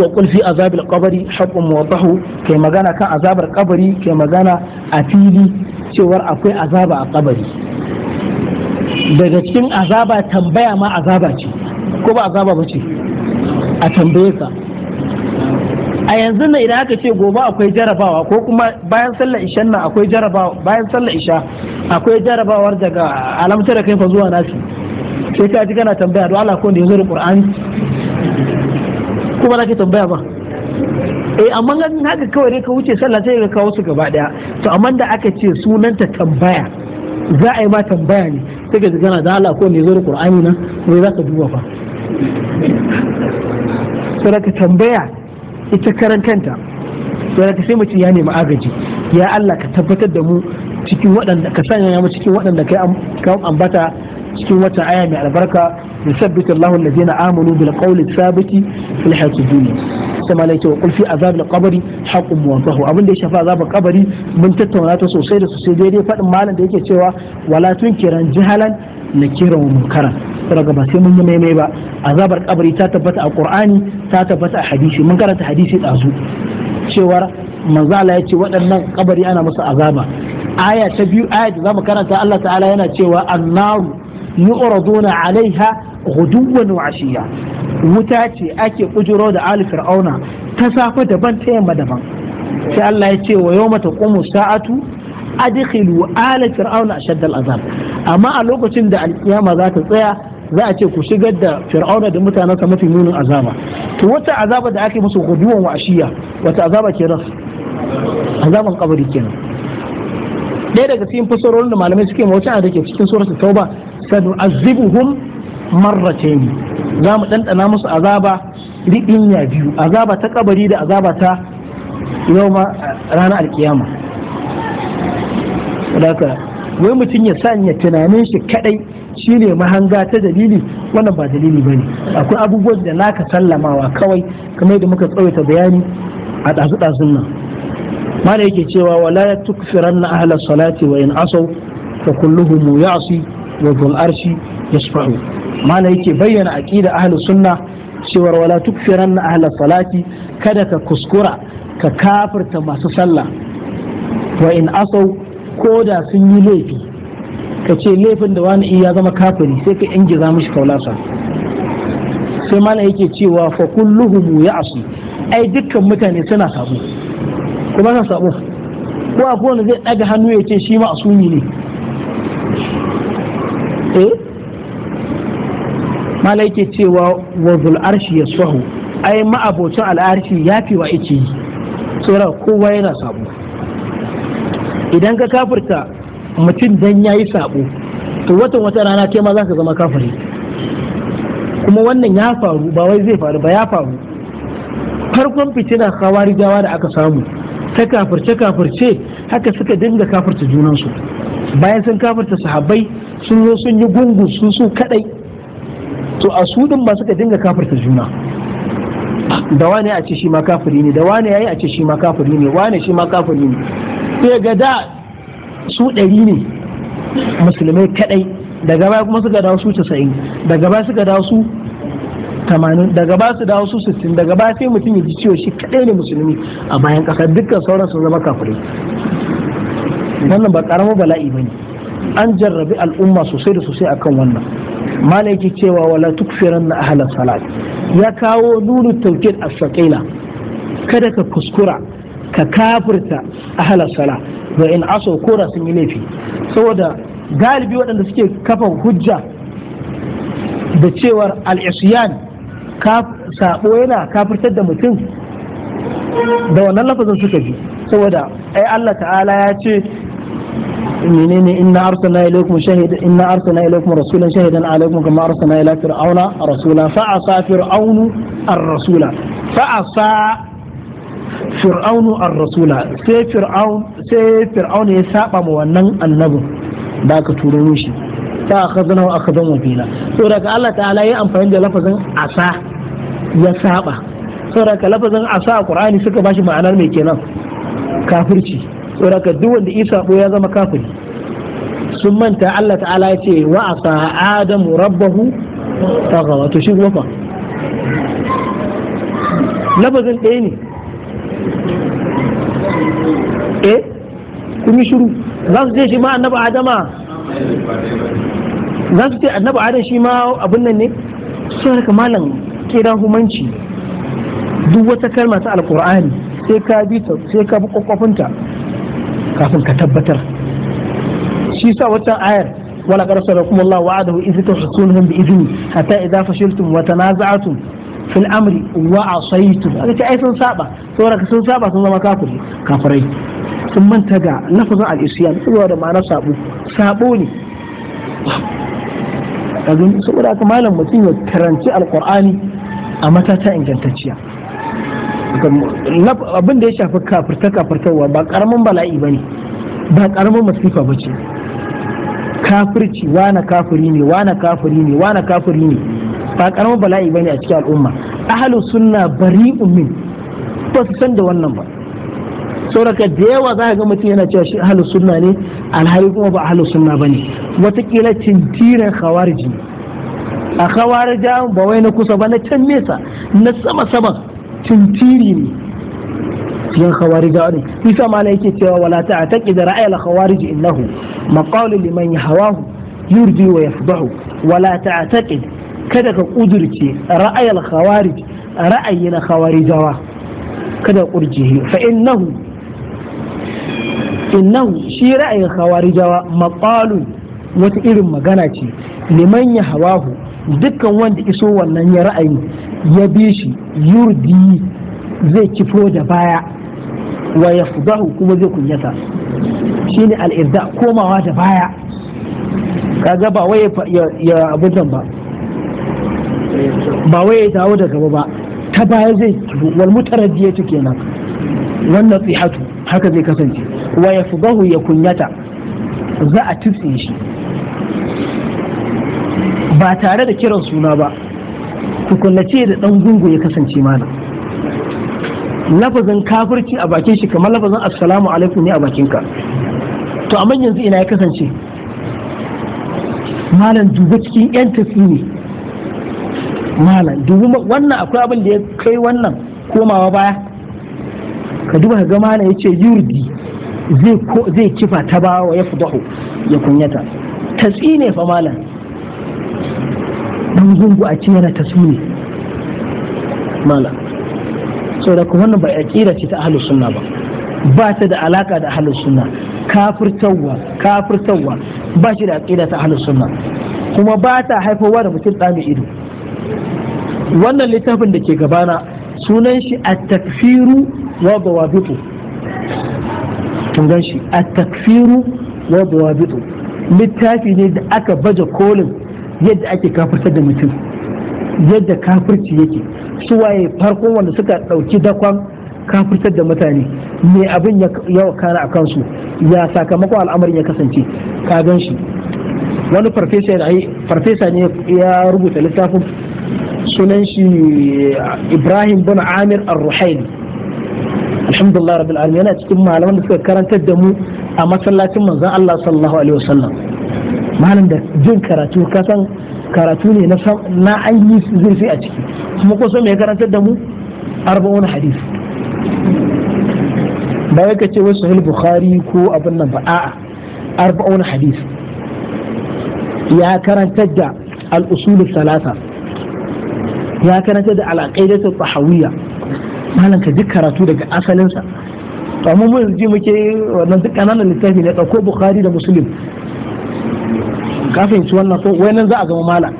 wa qul fi azabil qabri haqqun muwaddahu kai magana kan azabar kabari kai magana a fili cewar akwai azaba a kabari daga cikin azaba tambaya ma azaba ce ko ba azaba ba ce a tambaye ka a yanzu na idan aka ce gobe akwai jarabawa ko kuma bayan sallar isha akwai jarabawa bayan sallar isha akwai jarabawar daga alamta da kai fa zuwa nasi sai ka ji kana tambaya don Allah ko ne yazo da Qur'ani kuma zaka tambaya ba eh amma ganin haka kawai ne ka wuce sallah sai ka kawo su gaba daya to amma da aka ce sunanta tambaya za a yi ma tambaya ne sai ka ji kana da Allah ko ne yazo da Qur'ani na wai zaka duba fa sai ka tambaya ita karan kanta sai ka sai mutum ya nemi agaji ya Allah ka tabbatar da mu cikin waɗanda ka sanya mu cikin waɗanda kai ka ambata cikin wata aya mai albarka yusabbitu Allahu allazina amanu bil qawli thabiti fil hayati dunya sama lai ta qul azab al qabri haqqun muwafahu abin da ya shafa azab al qabri mun tattauna ta sosai da sosai daidai faɗin malam da yake cewa wala tunkiran jahalan na kira wa munkara daga ba sai mun yi maimai ba azabar kabari ta tabbata a qur'ani ta tabbata a hadisi mun karanta hadisi dazu cewar manzala ya ce waɗannan kabari ana musu azaba aya ta biyu aya da zamu karanta Allah ta'ala yana cewa annaru yu'raduna alaiha ghuduwan wa ashiya wuta ce ake kujiro da ali fir'auna ta safe daban ta yamma daban sai Allah ya ce wa yawma taqumu sa'atu adkhilu ala fir'auna ashadd azab amma a lokacin da alkiyama za ta tsaya za a ce ku shigar da fir'auna da mutanensa mafi munin azaba to wata azaba da ake musu guduwan wa ashiya wata azaba kenan rasu azaban kabari kenan ɗaya daga cikin fasarorin da malamai suke mawace a dake cikin suratul tauba sadu azibuhum marratayn za mu ɗanɗana musu azaba ya biyu azaba ta kabari da azaba ta yau ma ranar alkiyama daga wai mutum ya sanya tunanin shi kadai shine mahanga ta dalili wannan ba dalili bane akwai abubuwan da naka sallamawa kawai kamar da muka tsawaita bayani a ɗazu-ɗazun nan mana yake cewa wala ya tukfiran na ahla salati wa in asau fa kulluhum ya'si wa dhul arshi yasfa'u mala yake bayyana aqida ahli sunna cewar wala tukfiran na ahla salati kada ka kuskura ka kafirta masu sallah wa in asau ko da sun yi laifi ka ce laifin da wani iya zama kafiri sai ka ingiza mishi kaulasa sai mala yake cewa fa ya asu ai dukkan mutane suna sabu ko ba sa sabo ko a kowane zai ɗaga hannu ya ce shi ma asumi ne eh malaike cewa wa zul arshi ya sahu ai ma'abocin al'arshi ya fi wa yake yi saboda kowa yana sabo idan ka kafirta mutum dan yayi sabo to watan wata rana kai ma za ka zama kafiri kuma wannan ya faru ba wai zai faru ba ya faru farkon fitina jawa da aka samu ta kafirce kafirce haka suka dinga kafirta junansu bayan sun kafirta sahabbai sun zo sun yi gungu sun su kadai to a su din ba suka dinga kafirta juna da wane a ce shi ma kafiri ne da wane yayi a ce shi ma kafiri ne wane shi ma kafiri ne sai ga da su ɗari ne musulmai kadai daga baya kuma suka dawo su 90 daga baya suka dawo su tamanin daga ba su dawo su sittin daga ba sai mutum ya ji ciwo shi kadai ne musulmi a bayan ƙasa dukkan sauran sun zama kafirai wannan ba karamin bala'i bane an jarrabi al'umma sosai da sosai akan wannan mala cewa wala tukfiran na ahalan salat ya kawo nunu tawkid as-saqila kada ka kuskura ka kafirta ahalan Salat. wa in aso kora sun yi laifi saboda galibi waɗanda suke kafa hujja da cewar al-isyan sabo yana kafirtar da mutum da wannan lafazin suka ji saboda ai Allah ta'ala ya ce menene inna arsalna ilaykum shahidan inna arsalna ilaykum rasulan shahidan alaykum kama arsalna ila fir'auna rasula fa asa fir'aunu ar-rasula fa asa fir'aunu ar-rasula sai fir'aun sai fir'aun ya saba ma wannan annabin da aka turo shi ta akhadna wa akhadna wabila saboda ka Allah ta'ala ya amfani da lafazin asa ya saba saboda ka lafazin asa a Qur'ani suka bashi ma'anar mai kenan kafirci saboda ka duk wanda isa ko ya zama kafiri sun manta Allah ta'ala ya ce wa asa adamu rabbahu ta to shi kuma fa lafazin ɗaya ne eh kun yi shiru za su je shi ma annabi adama za su ce annabi adam shi ma abin nan ne su haka malam kiran humanci duk wata kalma ta alkur'ani sai ka bi ta sai ka bi kwakwafinta kafin ka tabbatar shi sa wata ayar wala qarsala kuma Allah wa'adahu idh tuhsunuhum bi idni hatta idza fashiltum wa tanaza'tum fil amri wa asaytum aka ai sun saba saboda sun saba sun zama kafiri kafirai sun manta ga lafazin al-isyan saboda da ma'ana sabo sabo ne kazin saboda haka malam mutum ya karanci alqur'ani a matata ingantacciya abin da ya shafi kafirta kafirtarwa ba karamin bala'i bane ba karamin masifa ba ce kafirci wana kafiri ne wana kafiri ne wana kafiri ne ba karamin bala'i bane a cikin al'umma ahlus sunna bari min ba su san da wannan ba sauraka da yawa za ga mutum yana cewa shi ahalus sunna ne alhali kuma ba ahlus sunna bane watakila tintirin khawariji a khawarija ba wai na kusa ba na can nesa na sama sama tintiri ne yan khawarija ne isa mala yake cewa wala da ra'ayal khawarij innahu maqalu liman yahawahu yurdi wa yafdahu wala ta'taqid kada ka kudurce ra'ayal khawarij ra'ayin khawarijawa kada kurjihi fa innahu innan shi ra'ayin khawarijawa maqalu wata irin magana ce liman ya hawahu dukkan wanda iso wannan ya ra'ayi ya bi shi yurdi zai kifo da baya wa ya fudahu kuma zai kunyata shine al-irda komawa da baya kaga ba wai ya abudan ba ba wai ya dawo da gaba ba ta baya zai kifo wal mutaraddiya kenan wannan tsihatu haka zai kasance wa ya bahu ya kunyata za a tutse shi ba tare da kiran suna ba tukunace da ɗan gungu ya kasance mana lafazin kafirci a bakin shi kamar lafazin assalamu alaikum ne a bakinka to amma yanzu ina ya kasance malam duba cikin yan tafi ne malam dubu wannan akwai abin da ya kai wannan komawa baya ka duba ga malam ya ce yurdi zai ko zai kifa ta bawa ya fudahu ya kunyata tatsi ne fa malam dan zungu a ce yana tasmini malam saboda kuma wannan ba aqida ce ta ahlus sunna ba ba ta da alaka da ahlus sunna kafirtawa kafirtawa ba shi da aqida ta ahlus sunna kuma ba ta haifowa da mutum da ido wannan littafin da ke gabana sunan shi at-takfiru wa dawabitu kun gan shi a takfiru wa dawabitu littafi ne da aka baje kolin yadda ake kafirtar da mutum yadda kafirci yake su waye farkon wanda suka ɗauki dakon kafirtar da mutane me abin ya kana a kansu ya sakamakon al'amarin ya kasance ka gan shi wani farfesa ne ya rubuta littafin sunan shi ibrahim bin amir ar-ruhaili alhamdulillah rabbil alamin yana cikin malaman da suka karantar da mu a masallacin manzon Allah sallallahu alaihi wasallam malam da jin karatu ka san karatu ne na na an yi zurfi a ciki kuma ko san me ya karantar da mu arba'un hadis ba wai ka ce wai sahih bukhari ko abin nan ba a'a arba'un hadis ya karantar da al-usul salasa ya karantar da al-aqidatu tahawiyya malam ka ji karatu daga asalinsa to amma mun ji muke wannan duk kananan littafi ne dauko bukhari da muslim ka fahimci wannan ko nan za a zama malam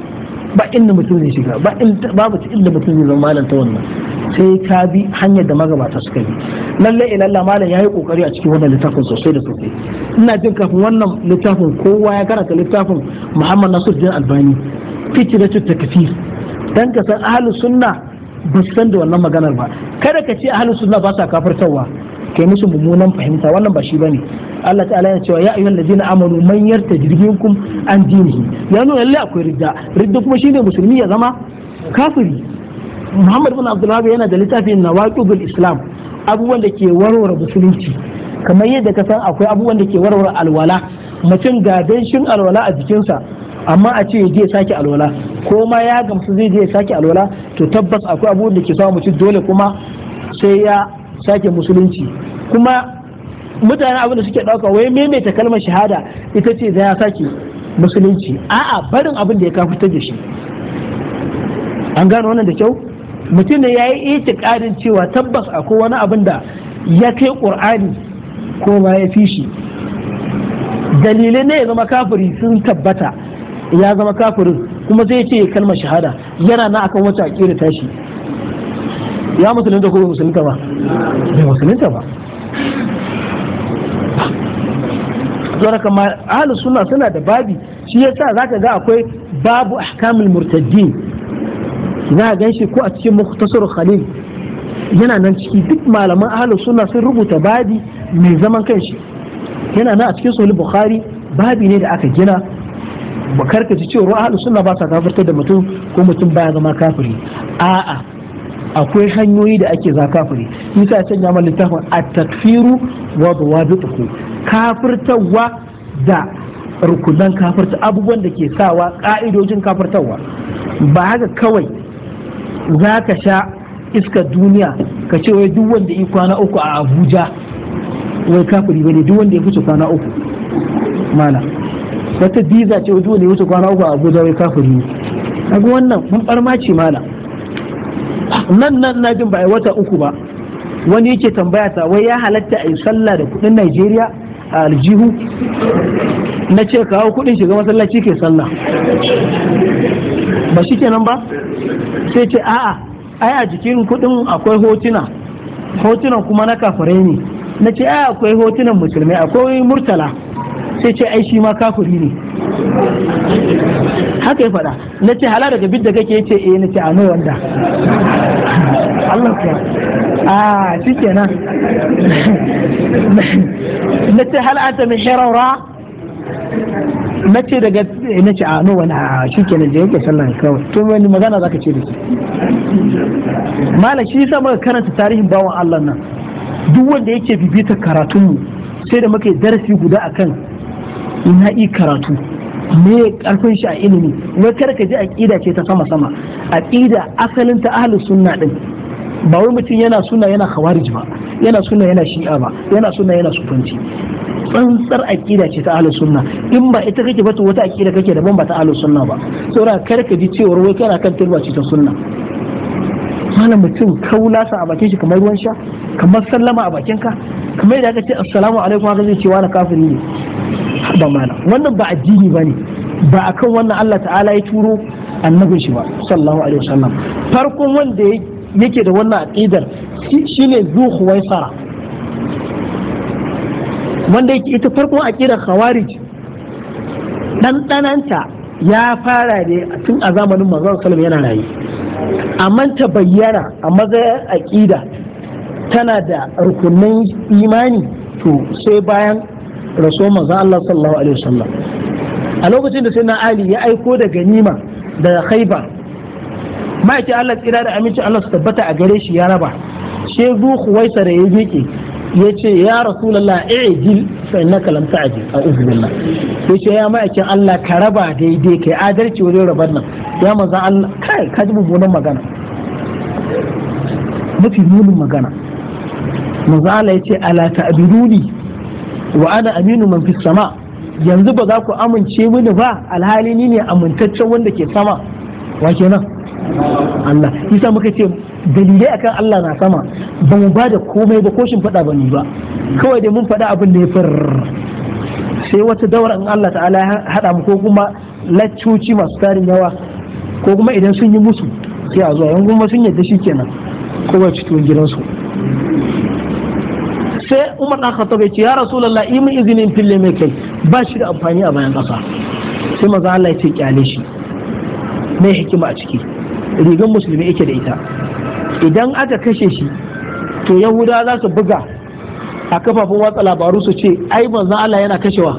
ba inda mutum zai shiga ba babu ta inda mutum zai zama malam ta wannan sai ka bi hanyar da magabata suka bi lalle ilalla malam ya yi kokari a cikin wannan littafin sosai da sosai ina jin kafin wannan littafin kowa ya karanta littafin muhammad nasiruddin albani fitratu takfir dan ka san ahlus sunna ba san da wannan maganar ba kada ka ce ahlus sunna ba sa kafirtawa kai musu mummunan fahimta wannan ba shi bane Allah ta'ala ya cewa ya ayyuhal ladina amanu man yartajid minkum an dinihi ya nuna lalle akwai ridda ridda kuma shine musulmi ya zama kafiri Muhammad bin Abdullah yana da na nawaqidul islam abubuwan da ke warware musulunci kamar yadda ka san akwai abubuwan da ke warware alwala mutum ga danshin alwala a jikinsa amma a ce je sake alwala ko ma ya gamsu zai je sake alwala to tabbas akwai abubuwan da ke samu mutum dole kuma sai ya sake musulunci kuma mutane abin da suke ɗauka wai maimaita kalmar shahada ita ce za ya sake musulunci a'a barin abin da ya kafa da shi an gano wannan da kyau mutum ne ya yi itikadin cewa tabbas akwai wani abin da ya kai ƙur'ani ko ma ya fi shi dalilai ne ya zama kafiri sun tabbata ya zama kafirin kuma zai ce kalma shahada yana na akan wata akira tashi ya musulunta ko musulunta ba bai musulunta ba don kama ahli suna suna da babi shi ya za zaka ga akwai babu ahkamul murtaddin na gan shi ko a cikin mukhtasar khalil yana nan ciki duk malaman ahli suna sun rubuta babi mai zaman kanshi yana nan a cikin sahih bukhari babi ne da aka gina ba karkace cewa ahlus suna ba sa kafirtar da mutum ko mutum baya zama kafiri a'a akwai hanyoyi da ake za kafiri isa can ya littafin a takfiru wa dawabituhu kafirtawa da rukunan kafirta abubuwan da ke sawa ka'idojin kafirtawa ba haka kawai za ka sha iska duniya ka ce wai duk wanda ya kwana uku a abuja wai kafiri bane duk wanda ya fice kwana uku mana wata biza ce wata wani wuce kwana uku a abuja wai kafiri ne kaga wannan mun barma ce mala nan nan na jin ba a wata uku ba wani yake tambaya ta wai ya halatta a yi sallah da kudin najeriya a aljihu na ce kawo kudin shiga masallaci ke sallah ba shi kenan ba sai ce a'a ai a jikin kudin akwai hotuna hotunan kuma na kafirai ne na ce ai akwai hotunan musulmai akwai murtala sai ce ai shi ma kafiri ne haka ya faɗa na ce hala daga bidda kake ya ce eh na ce a mai wanda [laughs] Allah ya a ah, shi kenan [laughs] na ce hala anta min hirara na ce daga na ce a no wani a ah, shi kenan da yake sallan kawai to wani magana zaka ce da shi malam shi sa muka karanta tarihin bawan Allah nan duk wanda yake bibita karatunmu sai da muka yi darasi guda akan ina yi karatu me karfin shi a ilimi wai kar ka ji aqida ce ta sama sama aqida asalin ta ahlus sunna din ba wai mutum yana sunna yana khawarij ba yana sunna yana shi'a ba yana sunna yana sufanci tsantsar aqida ce ta ahlus sunna in ba ita kake ba to wata aqida kake da ban ba ta ahlus sunna ba saboda kar ka ji cewar wai kana kan turba ce ta sunna malam mutum kaulasa a bakin shi kamar ruwan sha kamar sallama a bakin ka kamar da aka ce assalamu alaikum haka zai ce wani kafiri ne ba mana wannan ba addini ba ne ba akan wannan Allah ta'ala ya turo annabin shi ba sallallahu alaihi wasallam farkon wanda yake da wannan aqidar shine zu khuwaisara wanda yake ita farkon aqidar khawarij dan ya fara ne tun a zamanin manzon sallallahu yana rayu amma ta bayyana a matsayin aqida tana da rukunin imani to sai bayan rasuwar manzon Allah sallallahu alaihi wasallam a lokacin da sayyidina Ali ya aiko da ganima da Khaibar ma'aikin Allah tsira da aminci Allah su tabbata a gare shi ya raba sai zu Khuwaisa da ya miƙe ya ce ya rasulullah i'dil fa innaka lam ta'dil a'udhu billah ya ce ya ma'aikin Allah ka raba daidai kai adalci wurin rabar nan ya manzon Allah kai ka ji mummunan magana mafi munin magana manzo Allah ya ce ala ta'biduni wa ana aminu man fis sama yanzu ba za ku amince mini ba alhali ni ne amintaccen wanda ke sama wa kenan Allah yasa muka ce dalilai akan Allah na sama ba mu bada komai ba ko shin fada ba ni ba kawai dai mun fada abin da ya far sai wata daura in Allah ta'ala ya hada mu ko kuma laccoci masu tarin yawa ko kuma idan sun yi musu sai a zuwa yan kuma sun yadda kenan kowace tuwon gidansu sai umar ɗan khattab ya ce ya rasu yi min izinin fille mai kai ba shi da amfani a bayan kasa sai maza Allah ya ce kyale shi mai hikima a ciki rigan musulmi yake da ita idan aka kashe shi to yahuda za su buga a kafafun watsa labaru su ce ai Maza Allah yana kashewa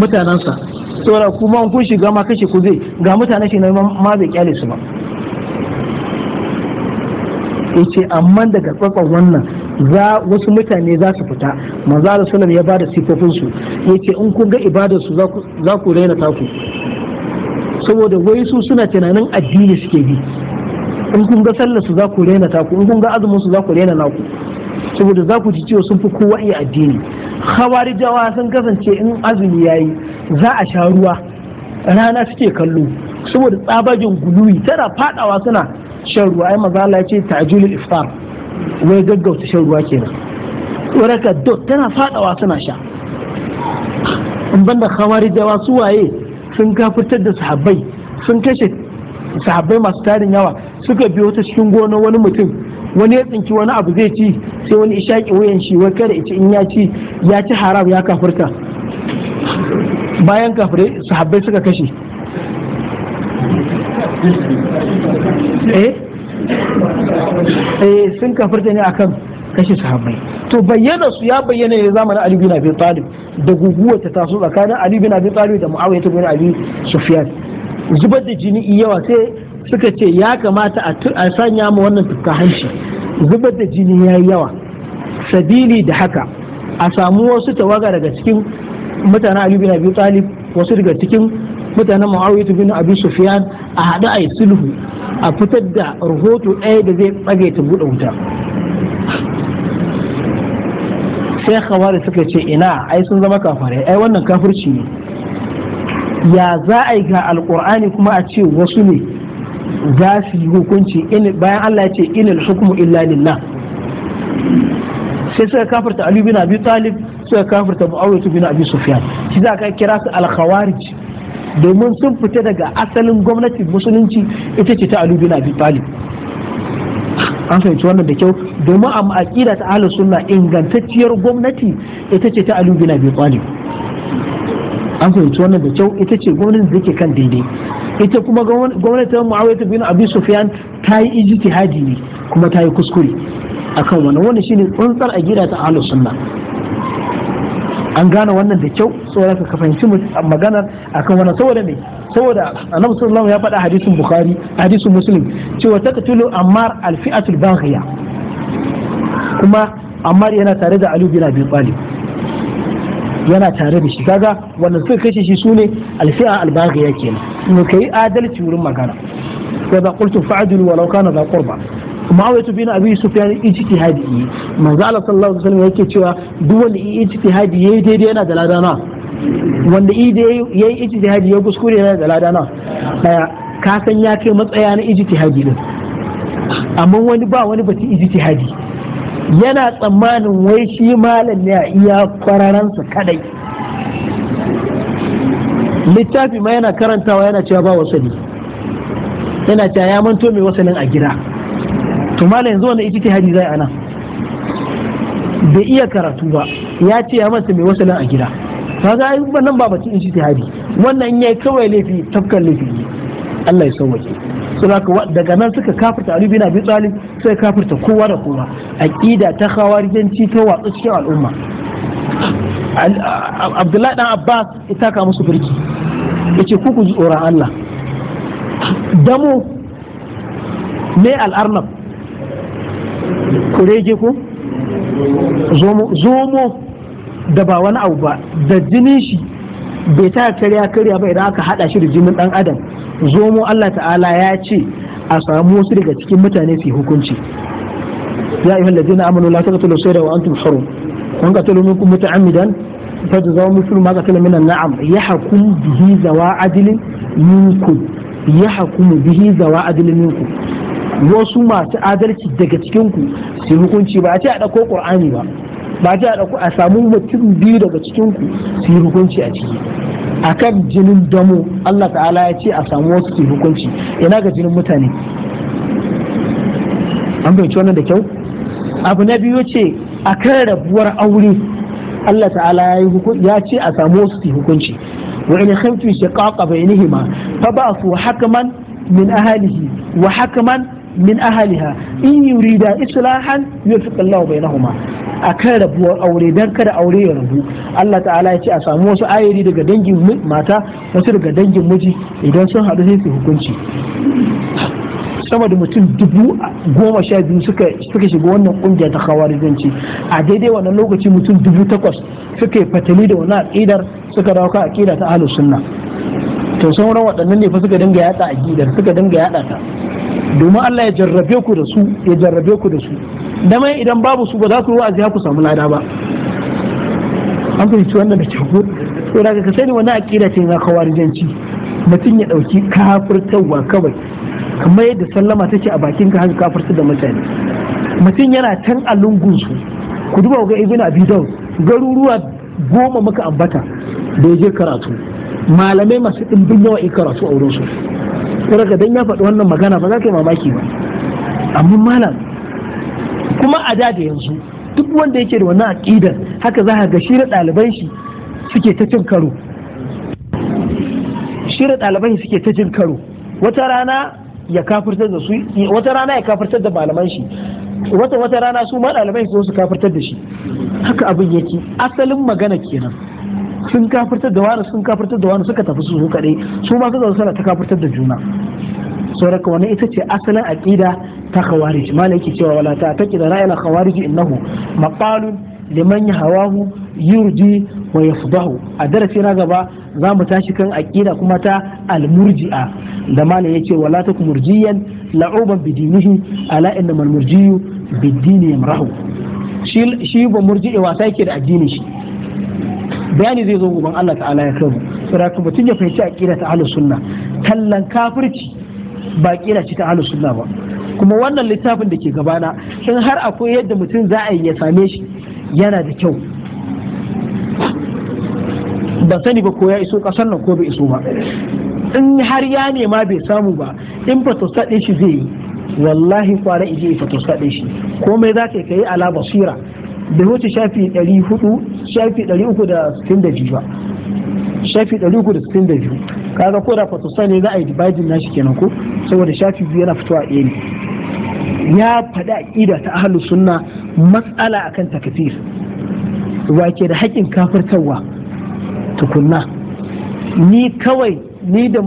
mutanensa saboda kuma kun shiga ma kashe ku zai ga mutane shi na ma bai kyale su ba yace amma daga tsatson wannan za wasu mutane za su fita manzo Allah sunan ya bada sifofin su yace in kun ga ibadar su za ku raina taku saboda wai su suna tunanin addini suke bi in kun ga sallar su za ku raina taku in kun ga azumin su za ku raina naku saboda za ku ji cewa sun fi kowa iya addini hawarijawa sun kasance in azumi yayi za a sha ruwa rana suke kallo saboda tsabajin guluwi tana fadawa suna shan ruwa ai maza Allah ya ce ta'jilul iftar wai gaggauta shan ruwa kenan waraka Do tana fadawa suna sha in banda khawari da wasu waye sun kafirtar da sahabbai sun kashe sahabbai masu tarin yawa suka biyo ta cikin gonar wani mutum wani ya tsinki wani abu zai ci sai wani ishaƙi wuyan shi wai kada ita in ya ci ya ci haram ya kafirta bayan kafirai sahabbai suka kashe eh eh sun kafirta ne akan kashe sahabbai to bayyana su ya bayyana ne zamanin Ali bin Abi Talib da guguwar ta taso tsakanin Ali bin Abi Talib da Muawiya bin Ali Sufyan zubar da jini yawa sai suka ce ya kamata a sanya mu wannan tukka hanci zubar da jini yayi yawa sabili da haka a samu wasu tawaga daga cikin mutanen Ali bin Abi Talib wasu daga cikin mutanen muawiya bin abi sufyan a haɗu a yi sulhu a fitar da rahoto ɗaya da zai tsage ta buɗe wuta sai khawari suka ce ina ai sun zama kafare ai wannan kafirci ne ya za a yi ga alkur'ani kuma a ce wasu ne za su yi hukunci bayan Allah ya ce inil hukmu illa lillah sai suka kafirta Ali bin Abi Talib suka kafirta Muawiya bin Abi Sufyan shi za ka kira su al-khawarij domin sun fita daga asalin gwamnati musulunci ita ce ta Ali bin Abi Talib an fahimci wannan da kyau domin a aƙida ta ahlus sunna ingantacciyar gwamnati ita ce ta Ali bin Abi Talib an fahimci wannan da kyau ita ce gwamnatin da ke kan daidai ita kuma gwamnatin Muawiya bin Abi Sufyan ta yi ijtihadi ne kuma ta yi kuskure akan wannan wannan shine tsantsar aƙida ta ahlus sunna an gane wannan da kyau saboda ka fahimci a kan wannan saboda me saboda annabi sallallahu ya faɗa hadisin bukhari hadisin muslim cewa taqtulu ammar alfi'atul baghiya kuma ammar yana tare da ali bin abi talib yana tare da shi kaga wannan suka kashe shi sune alfi'a albaghiya kenan mu kai adalci wurin magana wa da qultu fa'dil walau kana da qurba mawaitu bin abi sufyan ijtihadi manzo Allah sallallahu alaihi wasallam yake cewa duk wanda ijtihadi yayi daidai yana da ladana wanda yayi ijtihadi ya kuskure yana da ladana daya ka san ya kai matsaya na ijtihadi din amma wani ba wani bati ijtihadi yana tsammanin wai shi malam ne a iya kwararansa kadai littafi ma yana karantawa yana cewa ba wasani yana cewa ya manto mai wasanin a gida to malam yanzu wannan ijtihadi zai ana bai iya karatu ba ya ce ya masa mai wasalin a gida kaga ai wannan ba batun ijtihadi wannan yayi kawai laifi tafkan laifi Allah ya sauke saboda daga nan suka kafirta Ali bin Abi Talib sai kafirta kowa da kowa aqida ta khawarijanci ta watsa cikin al'umma Abdullahi dan Abbas ita ka musu birki yace ku ku ji tsoron Allah damo ne al'arnab kurege ko zomo da ba wani abu ba da jinin shi bai ta karya karya ba idan aka hada shi da jinin dan adam zomo Allah ta'ala ya ce a samu wasu daga cikin mutane su hukunci ya ayyuhal ladina amanu la taqtulu sayda wa antum hurum kun qatalu minkum muta'ammidan fajzaw mithlu ma qatala min naam yahkum bihi zawa adlin minkum yahkum bihi zawa adlin minkum wasu masu adalci daga cikin ku su hukunci ba a ce a dauko qur'ani ba ba a ce a dauko a samu mutum biyu daga cikin ku su hukunci a ciki akan jinin damo Allah ta'ala ya ce a samu wasu su hukunci ina ga jinin mutane an fahimci wannan da kyau abu na biyu ce akan rabuwar aure Allah ta'ala ya ce a samu wasu su hukunci wa in bai shiqaqa bainihima fa ba'thu hakaman min ahlihi wa hakaman min ahaliha in yurida islahan yufiq Allah bainahuma akan rabuwar aure dan kada aure ya rabu Allah ta'ala ya ce a samu wasu ayoyi daga dangin mata wasu daga dangin miji idan sun haɗu sai su hukunci sama da mutum dubu goma sha biyu suka shiga wannan kungiya ta khawarijanci a daidai wannan lokaci mutum dubu takwas suka yi fatali da wannan aƙidar suka dawo ka aƙida ta ahlus sunna to sauran waɗannan ne fa suka dinga yaɗa aƙidar suka dinga yada ta domin Allah ya jarrabe ku da su ya jarrabe ku da su da idan babu su ba za ku yi wa'azi ku samu lada ba an fahimci wannan da kyau ko daga ka sani wani aƙida ce na kawarijanci mutum ya ɗauki kafirtarwa kawai kamar yadda sallama take a bakin ka haka da mutane mutum yana can a lungunsu ku duba ga ibn abidaw garuruwa goma muka ambata da ya je karatu malamai masu ɗimbin yawa karatu a wurinsu saboda dan ya faɗi wannan magana ba za ka yi mamaki ba amma malam kuma a da da yanzu duk wanda yake da wannan aqidar haka za ka ga shi da ɗaliban shi suke ta cin karo shi da ɗaliban shi suke ta cin karo wata rana ya kafirtar da su wata rana ya kafirtar da malaman shi wata wata rana su ma ɗaliban shi su kafirtar da shi haka abin yake asalin magana kenan sun kafirtar da wani sun kafirtar da wani suka tafi su su kaɗai, su ma zaune suna ta kafirtar da juna sauraka wannan ita ce asalin aqida ta khawarij malai yake cewa wala ta taqida ra'ayil khawarij innahu maqalun liman yahawahu yurji wa yafdahu a darasi na gaba za mu tashi kan aqida kuma ta almurji'a da malai yace wala ta murjiyan la'uban bidinihi ala innamal murjiyu bid yamrahu shi shi ba murji'i wasa yake da addinin shi bayani zai zo gaban Allah ta'ala ya kai mu saboda mutum ya fahimci aqida ta ahlus sunna kallan kafirci ba kira ci ta ahlus sunna ba kuma wannan littafin da ke gabana in har akwai yadda mutum za a yi ya same shi yana da kyau ban sani ba ko ya iso kasar nan ko bai iso ba in har ya nema bai samu ba in ba to shi zai yi wallahi kwara ije fatosta to shi komai za ka yi ala basira bai wuce shafi 400 shafi 362 ba shafi 362 kaga ko da fatusa ne za a yi dibajin nashi kenan ko saboda shafi biyu yana fitowa ɗaya ne ya faɗi aƙida ta ahlus sunna matsala akan takfir wake da haƙin kafirtarwa tukunna ni kawai ni da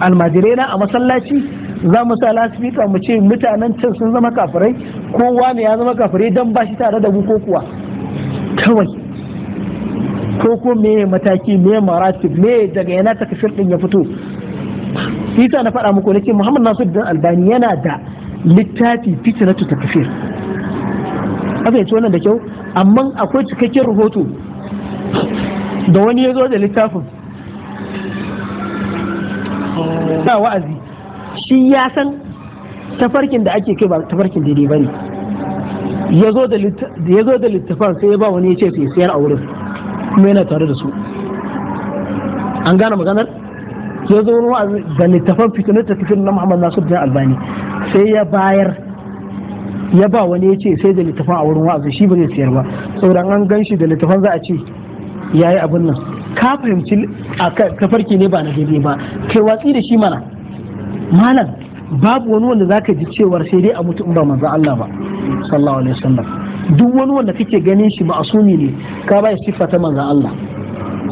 almajirai na a masallaci za mu sa lasifika mu ce mutanen can sun zama kafirai kowa ne ya zama kafirai don ba shi tare da mu ko kuwa kawai ko ko me mataki me maratib me daga yana ta kafir din ya fito isa na faɗa muku nake muhammad din albani yana da littafi ta kafir haka yace wannan da kyau amma akwai cikakken rahoto da wani ya zo da littafin ba wa'azi shi ya san tafarkin da ake kai ba tafarkin daidai ne ya zo da littafan sai ya ba wani ya ce sai siyar a wurin kuma yana tare da su an gane maganar ya zo da littafan fitinar ta fitinar na muhammad nasu da albani sai ya bayar ya ba wani ya ce sai da littafan a wurin wa'azi shi ba zai siyar ba saboda an gan shi da littafan za a ce ya yi abin nan ka fahimci a tafarki ne ba na daidai ba kai watsi da shi mana malam babu wani wanda zaka ji cewar sai dai a mutu in ba manzo Allah ba sallallahu alaihi wasallam duk wani wanda kake ganin shi ma'asumi ne ka bai siffa ta manzo Allah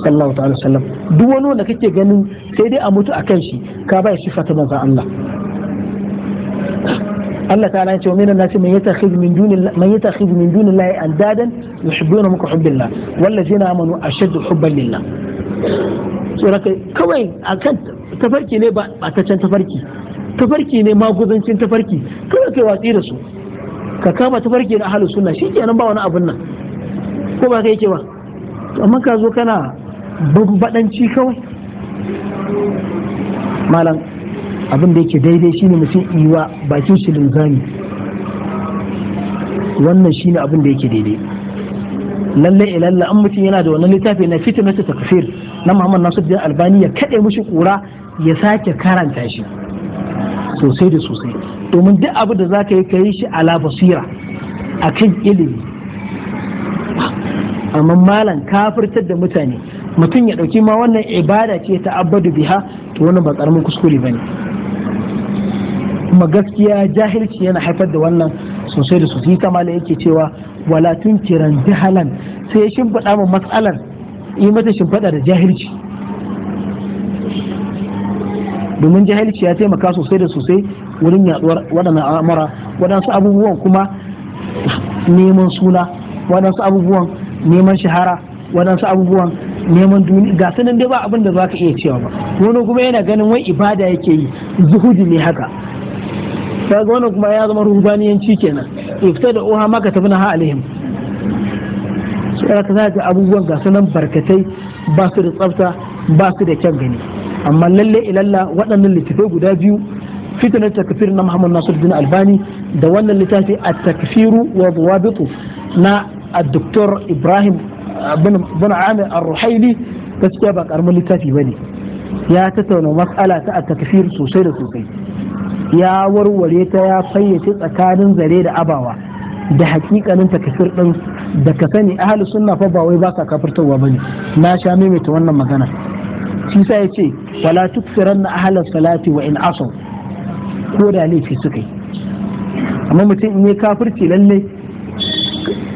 sallallahu ta'ala sallam duk wani wanda kake ganin sai dai a mutu akan shi ka bai siffa ta manzo Allah Allah ta'ala ya ce minan nasi man yatakhidhu min duni man yatakhidhu min duni Allah andadan hubbillah wallazina amanu ashaddu hubban lillah tsoraka kawai a kan tafarki ne ba ta can tafarki tafarki ne maguzancin tafarki kawai kai watsi da su ka kama tafarki na suna sunna kenan ba wani abin nan ko ba kai ke ba amma ka zo kana babbadanci kawai malam abin da yake daidai shine mutum iwa bakin shi linzami wannan shine abin da yake daidai lalle ilalla an mutum yana da wannan littafi na fitnatu takfir na Muhammad Nasiruddin Albani ya kade mushi kura ya sake karanta shi sosai da sosai domin duk abu da zaka yi kai shi ala basira akan ilimi amma malam kafirtar da mutane mutum ya dauki ma wannan ibada ce ta abadu biha to wannan ba karamin kuskure bane kuma gaskiya jahilci yana haifar da wannan sosai da sosai kamar yake cewa wala tunkiran jahalan sai ya shimfiɗa mu matsalar yi mata shimfiɗa da jahilci domin jahilci ya taimaka sosai da sosai wurin yaduwar waɗannan al'amura waɗansu abubuwan kuma neman suna waɗansu abubuwan neman shahara waɗansu abubuwan neman duniya ga sanin dai ba abin da za ka iya cewa ba wani kuma yana ganin wai ibada yake yi zuhudi ne haka kaga wannan kuma ya zama ruhbaniyanci kenan ifta da uha maka tafi na ha alaihim sai ka za abubuwan ga sunan barkatai ba su da tsafta ba su da kyan gani amma lalle ilalla waɗannan littafai guda biyu fitnar takfir na Muhammad Nasiruddin Albani da wannan littafi at-takfiru wa dawabitu na doktor Ibrahim bin Amir Ar-Ruhaili gaskiya ba karamin littafi bane ya tattauna matsala ta at-takfir sosai da sosai ya warware ta ya fayyace tsakanin zare da abawa da hakikanin takafir din da ka sani ahli sunna fa ba wai ba ka kafirtawa bane na sha maimaita wannan magana shi sa yace wala tukfiranna ahli salati wa in asaw ko da laifi suka yi amma mutum in yi kafirci lalle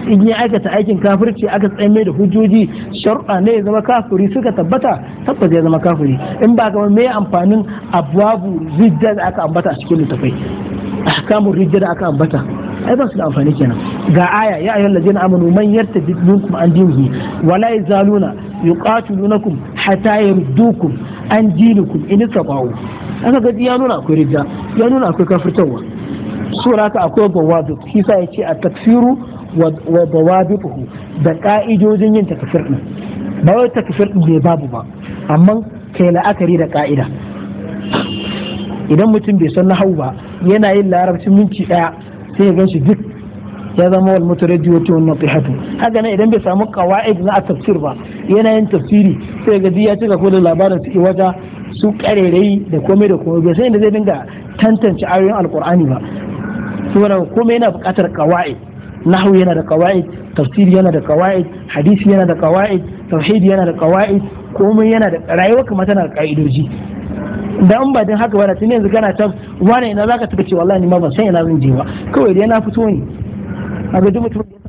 in ya aikata aikin kafirci aka tsaye da hujjoji shar'a ne ya zama kafiri suka tabbata tabbas ya zama kafiri in ba ga me amfanin abwabu ridda da aka ambata a cikin littafai ahkamu ridda da aka ambata ai ba su da amfani kenan ga aya ya ayyul ladina amanu man yartadid minkum an dinihi wala yazaluna yuqatilunakum hatta yardukum an dinikum in tabau aka ga ya nuna akwai ridda ya nuna akwai kafirtawa sura ta akwai gawadu kisa yace a takfiru wa dawabihu da ka'idojin yin takfir din ba wai takfir din bai babu ba amma kai la'akari da ka'ida idan mutum bai san nahau ba yana yin larabcin minti daya sai ya ganshi duk ya zama wal mutaraddi wa tun nasihatu haka nan idan bai samu qawaid na tafsir ba yana yin tafsiri sai ga ya cika ko da labarin su waja su karerai da komai da komai bai san inda zai dinga tantance ayoyin alqur'ani ba saboda komai yana buƙatar qawaid nahwu yana da kawa'id, tafsir yana da kawa'id, hadisi yana da kawa'id, tauhid yana da kawa'id, komai yana da rayuwa kuma tana da ka'idoji da an ba din haka ba tun yanzu kana ta wani ina zaka tafi ce wallahi ni ma ban san ina zan je ba kawai dai na fito ne a ga duk mutum